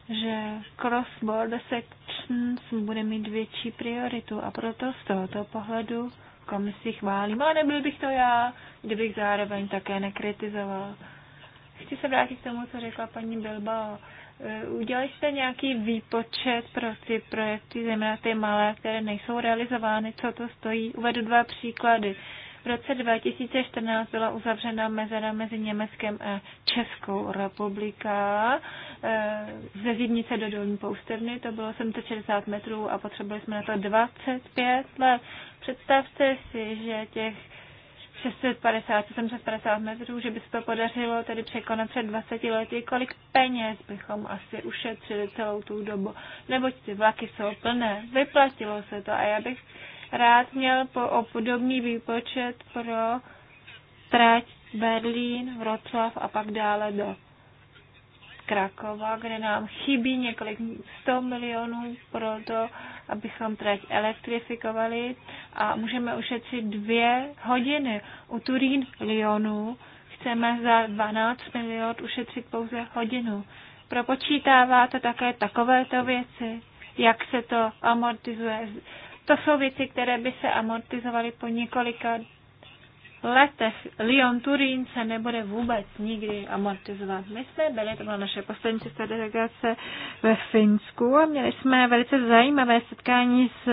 že cross-border sections bude mít větší prioritu a proto z tohoto pohledu komisi chválím. A nebyl bych to já, kdybych zároveň také nekritizoval. Chci se vrátit k tomu, co řekla paní Bilba. E, udělali jste nějaký výpočet pro ty projekty, zejména ty malé, které nejsou realizovány, co to stojí? Uvedu dva příklady. V roce 2014 byla uzavřena mezera mezi Německem a Českou republika eh, ze Zivnice do Dolní poustevny. To bylo 760 metrů a potřebovali jsme na to 25 let. Představte si, že těch 650, 750 metrů, že by se to podařilo tedy překonat před 20 lety, kolik peněz bychom asi ušetřili celou tu dobu, neboť ty vlaky jsou plné, vyplatilo se to a já bych rád měl po obdobný výpočet pro trať Berlín, Vroclav a pak dále do Krakova, kde nám chybí několik 100 milionů pro to, abychom trať elektrifikovali a můžeme ušetřit dvě hodiny. U Turín Lyonu chceme za 12 milionů ušetřit pouze hodinu. Propočítáváte také takovéto věci, jak se to amortizuje, to jsou věci, které by se amortizovaly po několika letech. Lyon Turín se nebude vůbec nikdy amortizovat. My jsme byli, to byla naše poslední cesta delegace ve Finsku a měli jsme velice zajímavé setkání s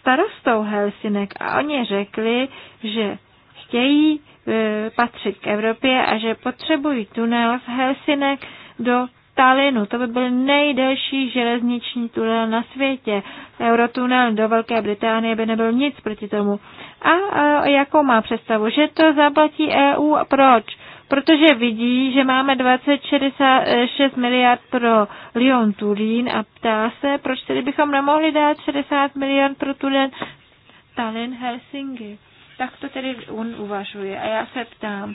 starostou Helsinek a oni řekli, že chtějí e, patřit k Evropě a že potřebují tunel z Helsinek do Stalinu. To by byl nejdelší železniční tunel na světě. Eurotunel do Velké Británie by nebyl nic proti tomu. A, a jakou má představu? Že to zaplatí EU a proč? Protože vidí, že máme 26 miliard pro Lyon Turín a ptá se, proč tedy bychom nemohli dát 60 miliard pro Turín Tallinn Helsinki. Tak to tedy on uvažuje. A já se ptám,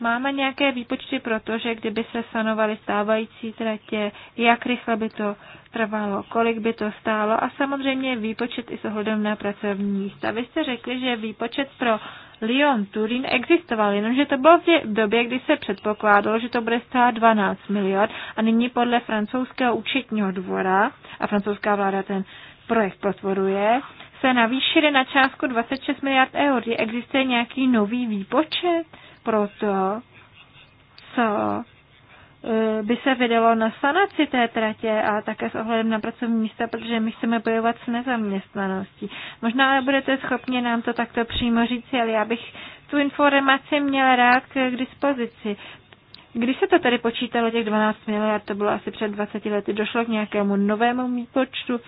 Máme nějaké výpočty pro to, že kdyby se sanovaly stávající tratě, jak rychle by to trvalo, kolik by to stálo a samozřejmě výpočet i s ohledem na pracovní místa. Vy jste řekli, že výpočet pro Lyon Turin existoval, jenomže to bylo v době, kdy se předpokládalo, že to bude stát 12 miliard a nyní podle francouzského účetního dvora, a francouzská vláda ten projekt potvoruje, se navýšili na částku 26 miliard eur. Je existuje nějaký nový výpočet? pro to, co eh, by se vydalo na sanaci té tratě a také s ohledem na pracovní místa, protože my chceme bojovat s nezaměstnaností. Možná budete schopni nám to takto přímo říct, ale já bych tu informaci měla rád k dispozici. Když se to tady počítalo, těch 12 miliard, to bylo asi před 20 lety, došlo k nějakému novému výpočtu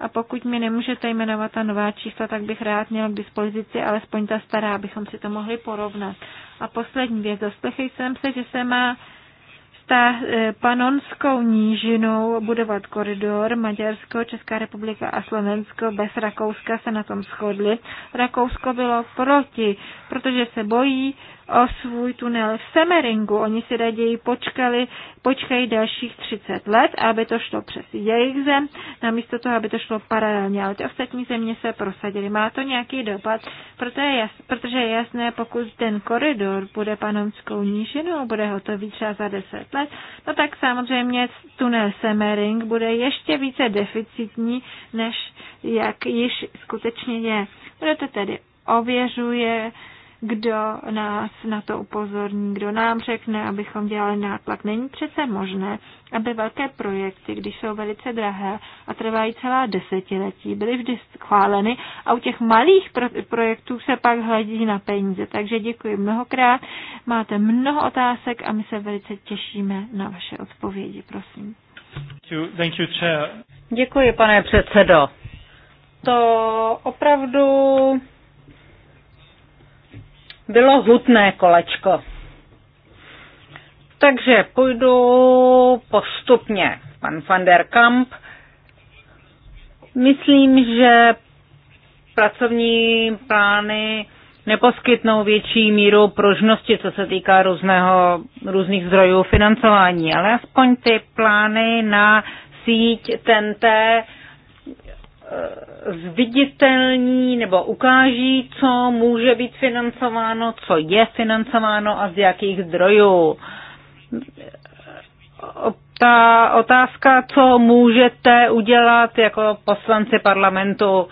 a pokud mi nemůžete jmenovat ta nová čísla, tak bych rád měl k dispozici alespoň ta stará, abychom si to mohli porovnat. A poslední věc, zaslechy jsem se, že se má ta e, panonskou nížinou budovat koridor Maďarsko, Česká republika a Slovensko bez Rakouska se na tom shodli. Rakousko bylo proti, protože se bojí, o svůj tunel v Semeringu. Oni si raději počkali, počkají dalších 30 let, aby to šlo přes jejich zem, namísto toho, aby to šlo paralelně. Ale ty ostatní země se prosadily. Má to nějaký dopad, proto je jas, protože je jasné, pokud ten koridor bude panonskou nížinou, bude hotový třeba za 10 let, no tak samozřejmě tunel Semering bude ještě více deficitní, než jak již skutečně je. Proto tedy ověřuje, kdo nás na to upozorní, kdo nám řekne, abychom dělali nátlak. Není přece možné, aby velké projekty, když jsou velice drahé a trvají celá desetiletí, byly vždy schváleny a u těch malých pro- projektů se pak hledí na peníze. Takže děkuji mnohokrát, máte mnoho otázek a my se velice těšíme na vaše odpovědi, prosím. Thank you, thank you, Děkuji, pane předsedo. To opravdu bylo hutné kolečko. Takže půjdu postupně. Pan van der Kamp. Myslím, že pracovní plány neposkytnou větší míru pružnosti, co se týká různého, různých zdrojů financování, ale aspoň ty plány na síť TNT Eh, zviditelní nebo ukáží, co může být financováno, co je financováno a z jakých zdrojů. Ta otázka, co můžete udělat jako poslanci parlamentu.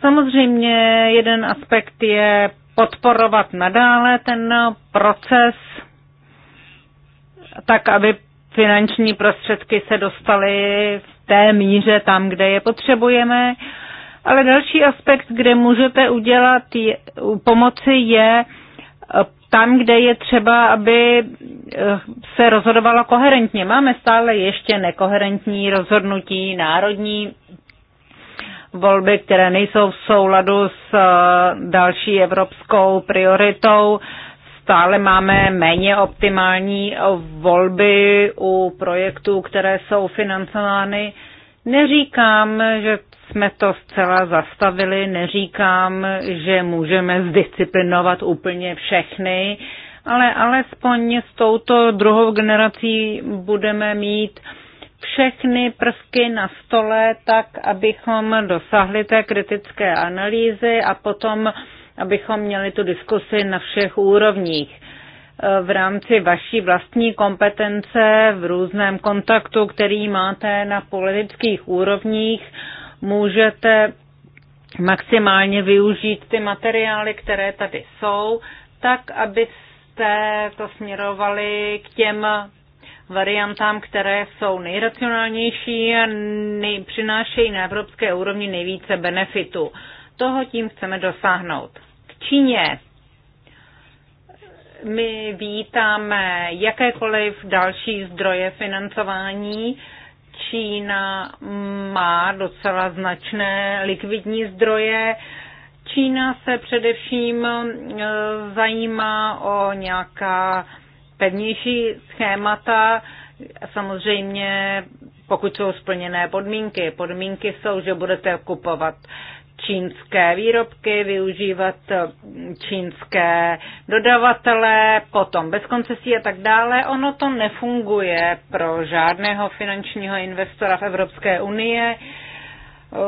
Samozřejmě jeden aspekt je podporovat nadále ten proces tak, aby finanční prostředky se dostaly v té míře tam, kde je potřebujeme. Ale další aspekt, kde můžete udělat je, pomoci, je eh, tam, kde je třeba, aby eh, se rozhodovalo koherentně. Máme stále ještě nekoherentní rozhodnutí národní volby, které nejsou v souladu s eh, další evropskou prioritou stále máme méně optimální volby u projektů, které jsou financovány. Neříkám, že jsme to zcela zastavili, neříkám, že můžeme zdisciplinovat úplně všechny, ale alespoň s touto druhou generací budeme mít všechny prvky na stole, tak abychom dosahli té kritické analýzy a potom abychom měli tu diskusi na všech úrovních. V rámci vaší vlastní kompetence, v různém kontaktu, který máte na politických úrovních, můžete maximálně využít ty materiály, které tady jsou, tak, abyste to směrovali k těm variantám, které jsou nejracionálnější a nej, přinášejí na evropské úrovni nejvíce benefitu. Toho tím chceme dosáhnout. Číně. My vítáme jakékoliv další zdroje financování. Čína má docela značné likvidní zdroje. Čína se především eh, zajímá o nějaká pevnější schémata, samozřejmě pokud jsou splněné podmínky. Podmínky jsou, že budete kupovat čínské výrobky, využívat eh, čínské dodavatele, potom bez koncesí a tak dále. Ono to nefunguje pro žádného finančního investora v Evropské unie. Eh,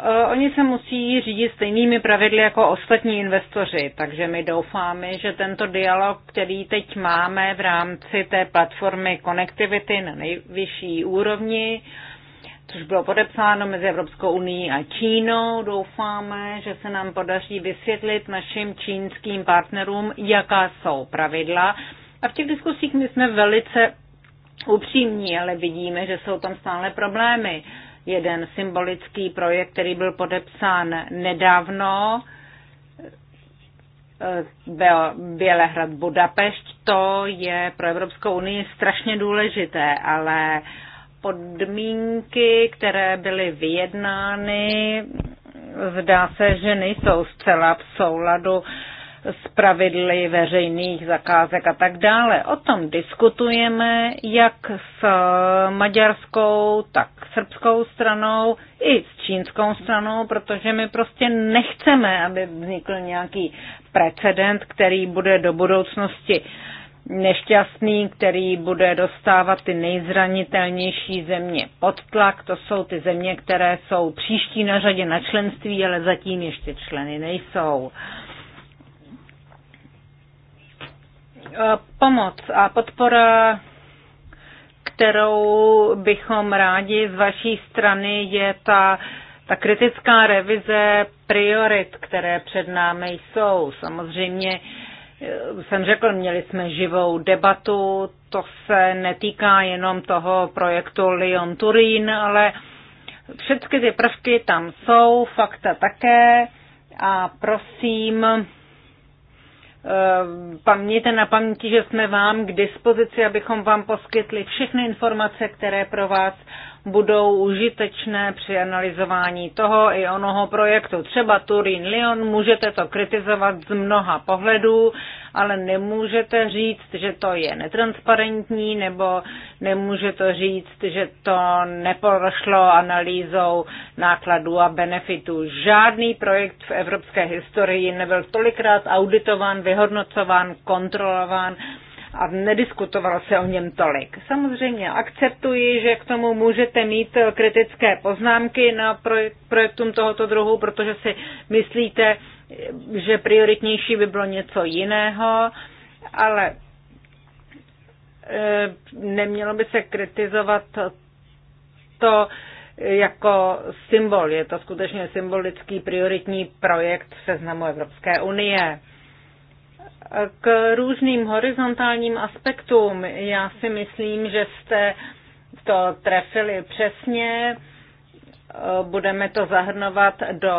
eh, oni se musí řídit stejnými pravidly jako ostatní investoři, takže my doufáme, že tento dialog, který teď máme v rámci té platformy Connectivity na nejvyšší úrovni, což bylo podepsáno mezi Evropskou unii a Čínou. Doufáme, že se nám podaří vysvětlit našim čínským partnerům, jaká jsou pravidla. A v těch diskusích my jsme velice upřímní, ale vidíme, že jsou tam stále problémy. Jeden symbolický projekt, který byl podepsán nedávno, byl Bělehrad Budapešť, to je pro Evropskou unii strašně důležité, ale podmínky, které byly vyjednány, zdá se, že nejsou zcela v souladu s pravidly veřejných zakázek a tak dále. O tom diskutujeme jak s maďarskou, tak srbskou stranou i s čínskou stranou, protože my prostě nechceme, aby vznikl nějaký precedent, který bude do budoucnosti uh, nešťastný, který bude dostávat ty nejzranitelnější země pod tlak. To jsou ty země, které jsou příští na řadě na členství, ale zatím ještě členy nejsou. E, pomoc a podpora, kterou bychom rádi z vaší strany, je ta ta kritická revize priorit, které před námi jsou, samozřejmě jsem řekl, měli jsme živou debatu, to se netýká jenom toho projektu Lyon Turín, ale všechny ty prvky tam jsou, fakta také a prosím, eh, pamějte na paměti, že jsme vám k dispozici, abychom vám poskytli všechny informace, které pro vás budou užitečné při analyzování toho i onoho projektu. Třeba Turín-Lyon, můžete to kritizovat z mnoha pohledů, ale nemůžete říct, že to je netransparentní, nebo nemůže to říct, že to neprošlo analýzou nákladů a benefitů. Žádný projekt v evropské historii nebyl tolikrát auditován, vyhodnocován, kontrolován, a nediskutovalo se o něm tolik. Samozřejmě akceptuji, že k tomu můžete mít kritické poznámky na projektům tohoto druhu, protože si myslíte, že prioritnější by bylo něco jiného, ale e, nemělo by se kritizovat to jako symbol. Je to skutečně symbolický prioritní projekt seznamu Evropské unie k různým horizontálním aspektům. Já si myslím, že jste to trefili přesně. Budeme to zahrnovat do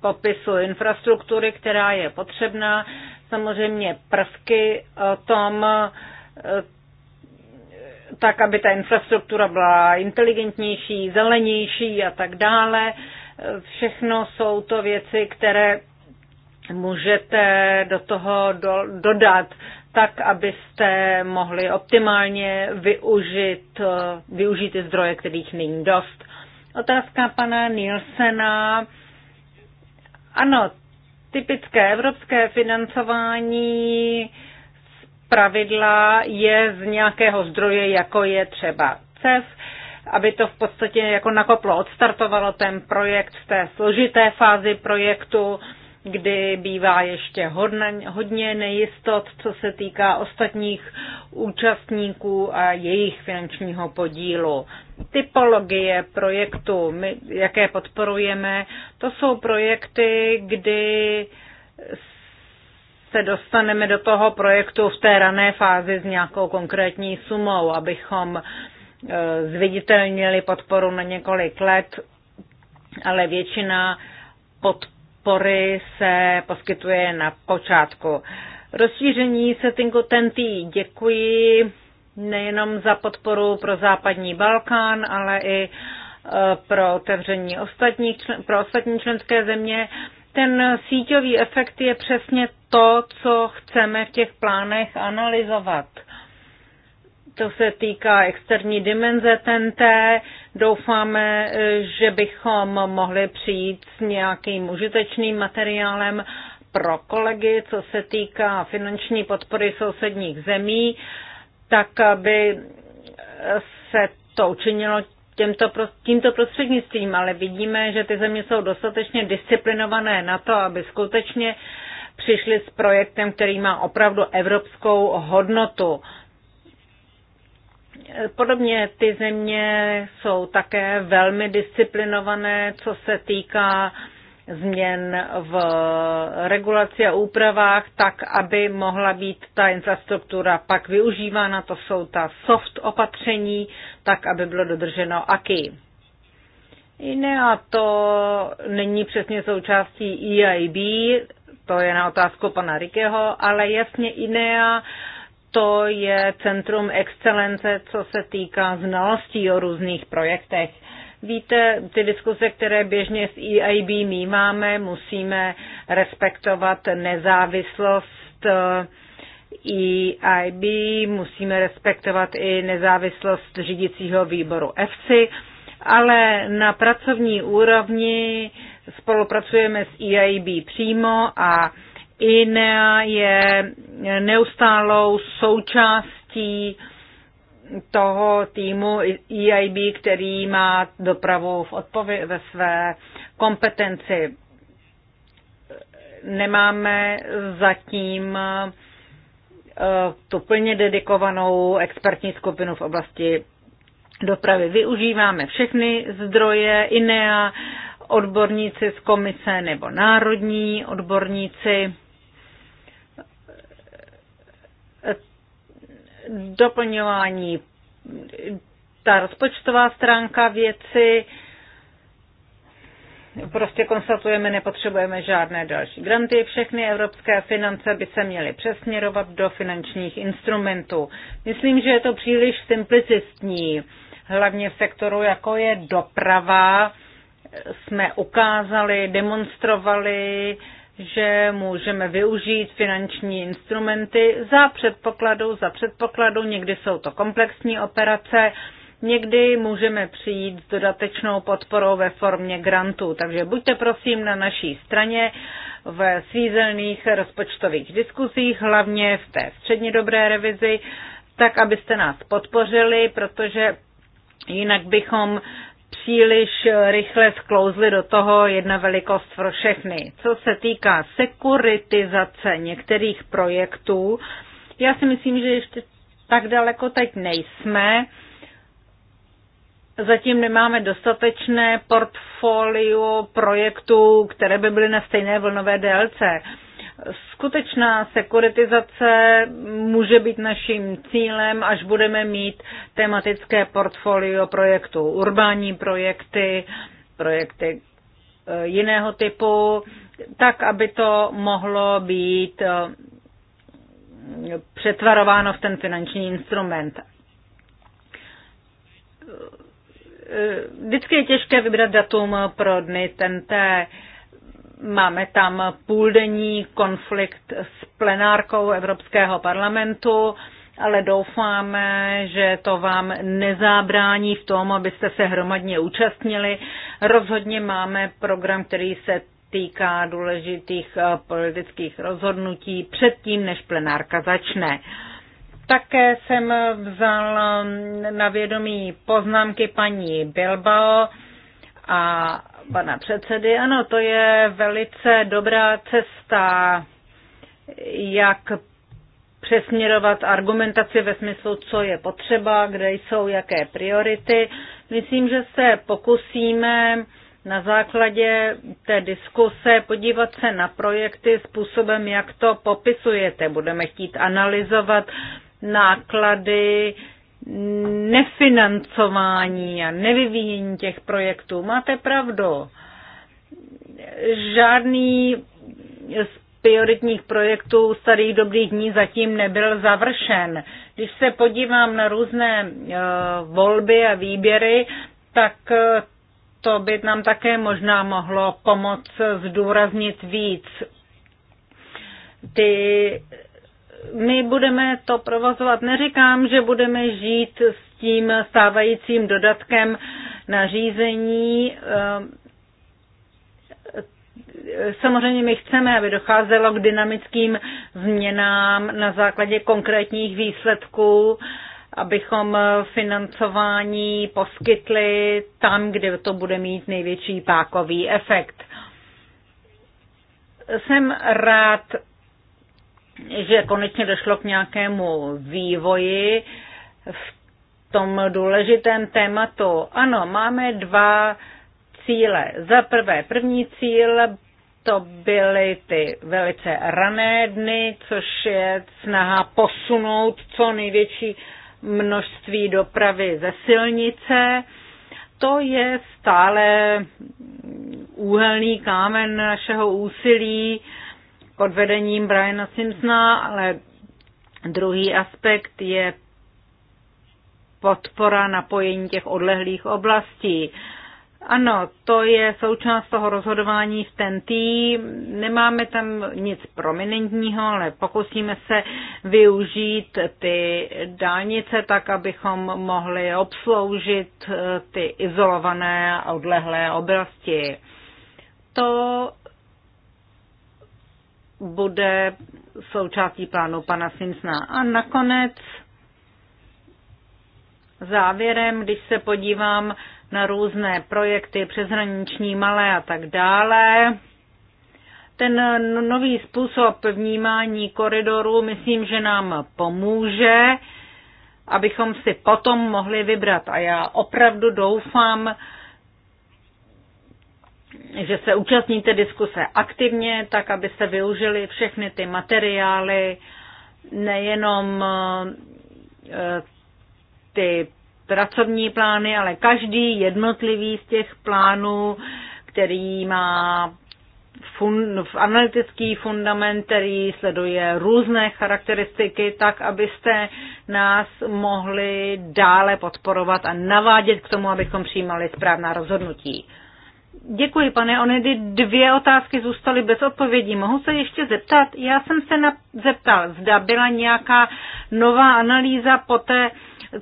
popisu infrastruktury, která je potřebná. Samozřejmě prvky o tom, tak aby ta infrastruktura byla inteligentnější, zelenější a tak dále. Všechno jsou to věci, které můžete do toho do, dodat, tak abyste mohli optimálně využít, využít ty zdroje, kterých není dost. Otázka pana Nielsena. Ano, typické evropské financování pravidla je z nějakého zdroje, jako je třeba CEF, aby to v podstatě jako nakoplo, odstartovalo ten projekt v té složité fázi projektu. Uh, kdy bývá ještě hodně, hodně nejistot, co se týká ostatních účastníků a jejich finančního podílu. Typologie projektu, my, jaké podporujeme, to jsou projekty, kdy se dostaneme do toho projektu v té rané fázi s nějakou konkrétní sumou, abychom e, zviditelnili podporu na několik let, ale většina podpor podpory se poskytuje na počátku. Rozšíření settingu TNT děkuji nejenom za podporu pro západní Balkán, ale i e, pro otevření ostatních, pro ostatní členské země. Ten síťový efekt je přesně to, co chceme v těch plánech analyzovat. To se týká externí dimenze TNT. Doufáme, že bychom mohli přijít s nějakým užitečným materiálem pro kolegy, co se týká finanční podpory sousedních zemí, tak aby se to učinilo těmto, tímto prostřednictvím, ale vidíme, že ty země jsou dostatečně disciplinované na to, aby skutečně přišli s projektem, který má opravdu evropskou hodnotu. Podobně ty země jsou také velmi disciplinované, co se týká změn v regulaci a úpravách, tak aby mohla být ta infrastruktura pak využívána, to jsou ta soft opatření, tak aby bylo dodrženo AKI. Ne, a to není přesně součástí EIB, to je na otázku pana Rikeho, ale jasně INEA to je Centrum excelence, co se týká znalostí o různých projektech. Víte, ty diskuse, které běžně s EIB mýmáme, máme, musíme respektovat nezávislost EIB, eh, e musíme respektovat i nezávislost řídicího výboru EFSI, ale na pracovní úrovni spolupracujeme s EIB přímo a INEA je neustálou součástí toho týmu EIB, který má dopravu v odpově- ve své kompetenci. Nemáme zatím eh, tu plně dedikovanou expertní skupinu v oblasti dopravy. Využíváme všechny zdroje INEA, odborníci z komise nebo národní odborníci doplňování, ta rozpočtová stránka věci, prostě konstatujeme, nepotřebujeme žádné další granty. Všechny evropské finance by se měly přesměrovat do finančních instrumentů. Myslím, že je to příliš simplicistní. Hlavně v sektoru, jako je doprava, jsme ukázali, demonstrovali, že můžeme využít finanční instrumenty za předpokladu, za předpokladu, někdy jsou to komplexní operace, někdy můžeme přijít s dodatečnou podporou ve formě grantů. Takže buďte prosím na naší straně v svízelných rozpočtových diskuzích, hlavně v té středně dobré revizi, tak abyste nás podpořili, protože jinak bychom příliš rychle sklouzli do toho jedna velikost pro všechny. Co se týká sekuritizace některých projektů, já si myslím, že ještě tak daleko teď nejsme. Zatím nemáme dostatečné portfolio projektů, které by byly na stejné vlnové délce. Skutečná sekuritizace může být naším cílem, až budeme mít tematické portfolio projektů, urbání projekty, projekty eh, jiného typu, tak, aby to mohlo být eh, přetvarováno v ten finanční instrument. Eh, vždycky je těžké vybrat datum pro dny TNT. Máme tam půldenní konflikt s plenárkou Evropského parlamentu, ale doufáme, že to vám nezábrání v tom, abyste se hromadně účastnili. Rozhodně máme program, který se týká důležitých eh, politických rozhodnutí předtím, než plenárka začne. Také jsem vzal eh, na vědomí poznámky paní Bilbao a pana předsedy. Ano, to je velice dobrá cesta, jak přesměrovat argumentaci ve smyslu, co je potřeba, kde jsou jaké priority. Myslím, že se pokusíme na základě té diskuse podívat se na projekty způsobem, jak to popisujete. Budeme chtít analyzovat náklady, nefinancování a nevyvíjení těch projektů. Máte pravdu. Žádný z prioritních projektů starých dobrých dní zatím nebyl završen. Když se podívám na různé e, volby a výběry, tak e, to by nám také možná mohlo pomoct zdůraznit víc ty my budeme to provozovat. Neříkám, že budeme žít s tím stávajícím dodatkem na řízení. Ehm, samozřejmě my chceme, aby docházelo k dynamickým změnám na základě konkrétních výsledků, abychom financování poskytli tam, kde to bude mít největší pákový efekt. Jsem rád, že konečně došlo k nějakému vývoji v tom důležitém tématu. Ano, máme dva cíle. Za prvé, první cíl to byly ty velice rané dny, což je snaha posunout co největší množství dopravy ze silnice. To je stále úhelný kámen našeho úsilí pod vedením Briana Simpsona, ale druhý aspekt je podpora napojení těch odlehlých oblastí. Ano, to je součást toho rozhodování v ten tým. Nemáme tam nic prominentního, ale pokusíme se využít ty dálnice tak, abychom mohli obsloužit eh, ty izolované a odlehlé oblasti. To bude součástí plánu pana Simsna. A nakonec závěrem, když se podívám na různé projekty přeshraniční, malé a tak dále, ten nový způsob vnímání koridoru myslím, že nám pomůže, abychom si potom mohli vybrat. A já opravdu doufám, že se účastníte diskuse aktivně, tak aby se využili všechny ty materiály, nejenom eh, ty pracovní plány, ale každý jednotlivý z těch plánů, který má fun, analytický fundament, který sleduje různé charakteristiky, tak abyste nás mohli dále podporovat a navádět k tomu, abychom přijímali správná rozhodnutí. Děkuji, pane Onedy. Dvě otázky zůstaly bez odpovědí. Mohu se ještě zeptat? Já jsem se na, zeptal, zda byla nějaká nová analýza po té,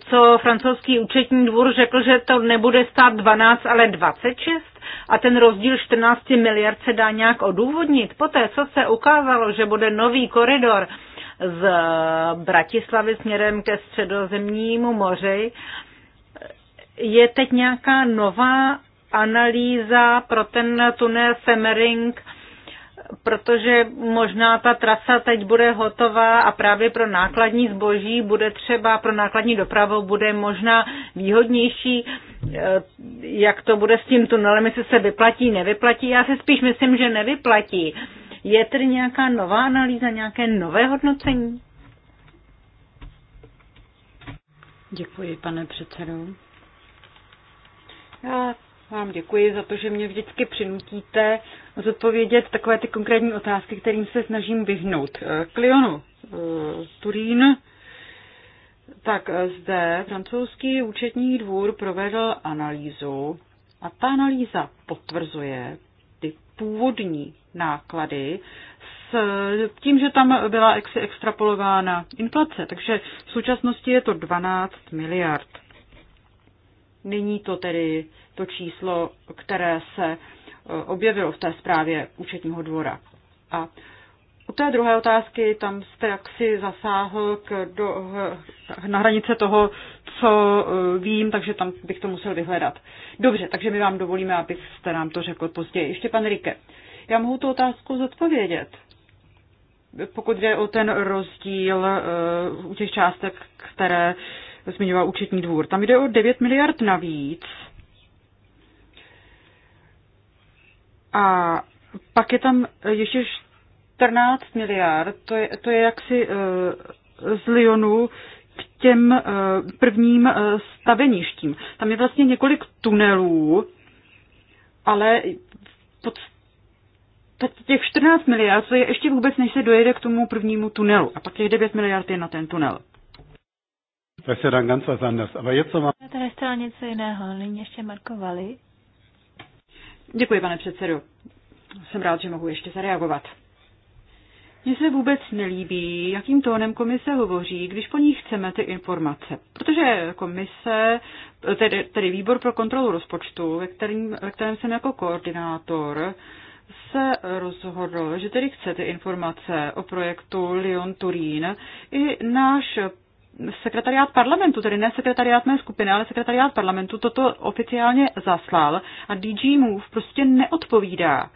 co francouzský účetní dvůr řekl, že to nebude stát 12, ale 26 a ten rozdíl 14 miliard se dá nějak odůvodnit. Poté, co se ukázalo, že bude nový koridor z Bratislavy směrem ke středozemnímu moři, je teď nějaká nová analýza pro ten tunel Semmering, protože možná ta trasa teď bude hotová a právě pro nákladní zboží bude třeba, pro nákladní dopravu bude možná výhodnější, eh, jak to bude s tím tunelem, jestli se vyplatí, nevyplatí. Já si spíš myslím, že nevyplatí. Je tedy nějaká nová analýza, nějaké nové hodnocení? Děkuji, pane předsedo. Já vám děkuji za to, že mě vždycky přinutíte zodpovědět takové ty konkrétní otázky, kterým se snažím vyhnout. Klionu eh, Lyonu, eh, Turín, tak eh, zde francouzský účetní dvůr provedl analýzu a ta analýza potvrzuje ty původní náklady s tím, že tam byla ex- extrapolována inflace. Takže v současnosti je to 12 miliard. Není to tedy to číslo, které se e, objevilo v té zprávě účetního dvora. A u té druhé otázky, tam jste jaksi zasáhl k, do, na hranice toho, co e, vím, takže tam bych to musel vyhledat. Dobře, takže my vám dovolíme, abyste nám to řekl později. Ještě pan Rike, já mohu tu otázku zodpovědět. Pokud jde o ten rozdíl e, u těch částek, které zmiňoval účetní dvůr, tam jde o 9 miliard navíc A pak je tam eh, ještě 14 miliard, to je, to je jaksi eh, z Lyonu k těm eh, prvním staveništím. Tam je vlastně několik tunelů, ale pod těch 14 miliard to je ještě vůbec, než se dojede k tomu prvnímu tunelu. A pak těch 9 miliard je na ten tunel. To je dann ganz was anderes. Aber jetzt Na tady je něco jiného. Nyní ještě Marko Vali. Děkuji, pane předsedo. Jsem rád, že mohu ještě zareagovat. Mně se vůbec nelíbí, jakým tónem komise hovoří, když po ní chceme ty informace. Protože komise, tedy, tedy výbor pro kontrolu rozpočtu, ve kterém, ve kterém jsem jako koordinátor, se rozhodl, že tedy chce ty informace o projektu Lyon Turín. I náš sekretariát parlamentu, tedy ne sekretariát mé skupiny, ale sekretariát parlamentu toto oficiálně zaslal a DG Move prostě neodpovídá.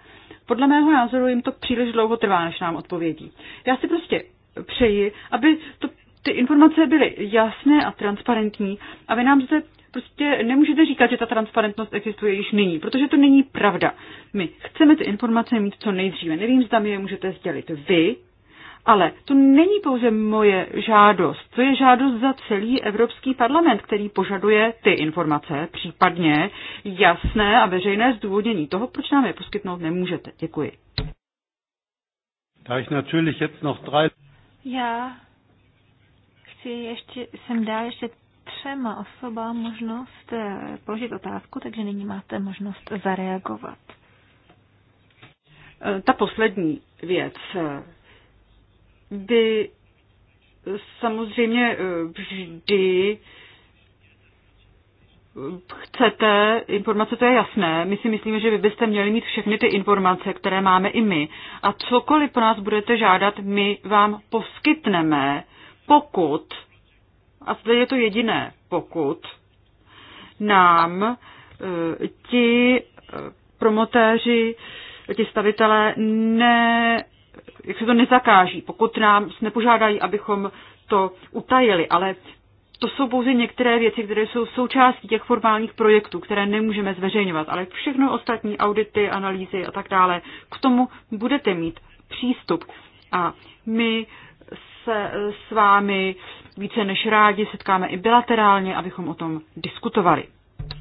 Podle mého názoru jim to příliš dlouho trvá, než nám odpovědí. Já si prostě přeji, aby to, ty informace byly jasné a transparentní a vy nám zde prostě nemůžete říkat, že ta transparentnost existuje již nyní, protože to není pravda. My chceme ty informace mít co nejdříve. Nevím, zda mi je můžete sdělit vy, ale to není pouze moje žádost, to je žádost za celý Evropský parlament, který požaduje ty informace, případně jasné a veřejné zdůvodnění toho, proč nám je poskytnout nemůžete. Děkuji. Já chci ještě, jsem dál ještě třema osobám možnost eh, položit otázku, takže nyní máte možnost zareagovat. Eh, ta poslední věc, eh, by samozřejmě eh, vždy eh, chcete informace, to je jasné. My si myslíme, že vy byste měli mít všechny ty informace, které máme i my. A cokoliv po nás budete žádat, my vám poskytneme, pokud, a zde je to jediné, pokud nám eh, ti promotéři, ti stavitelé ne jak se to nezakáží, pokud nám nepožádají, abychom to utajili, ale to jsou pouze některé věci, které jsou součástí těch formálních projektů, které nemůžeme zveřejňovat, ale všechno ostatní audity, analýzy a tak dále, k tomu budete mít přístup. A my se s vámi více než rádi setkáme i bilaterálně, abychom o tom diskutovali.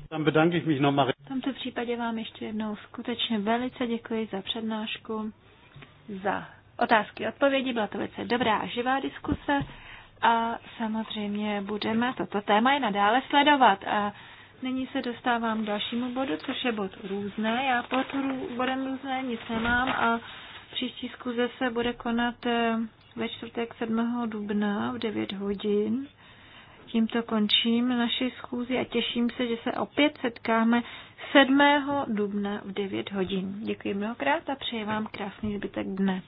Tam V tomto případě vám ještě jednou skutečně velice děkuji za přednášku za otázky a odpovědi. Byla to velice dobrá a živá diskuse a samozřejmě budeme toto téma i nadále sledovat. A nyní se dostávám k dalšímu bodu, což je bod různé. Já pod bodem různé nic nemám a příští zkuze se bude konat eh, ve čtvrtek 7. dubna v 9 hodin. Tímto končím naši schůzi a těším se, že se opět setkáme 7. dubna v 9 hodin. Děkuji mnohokrát a přeji vám krásný zbytek dne.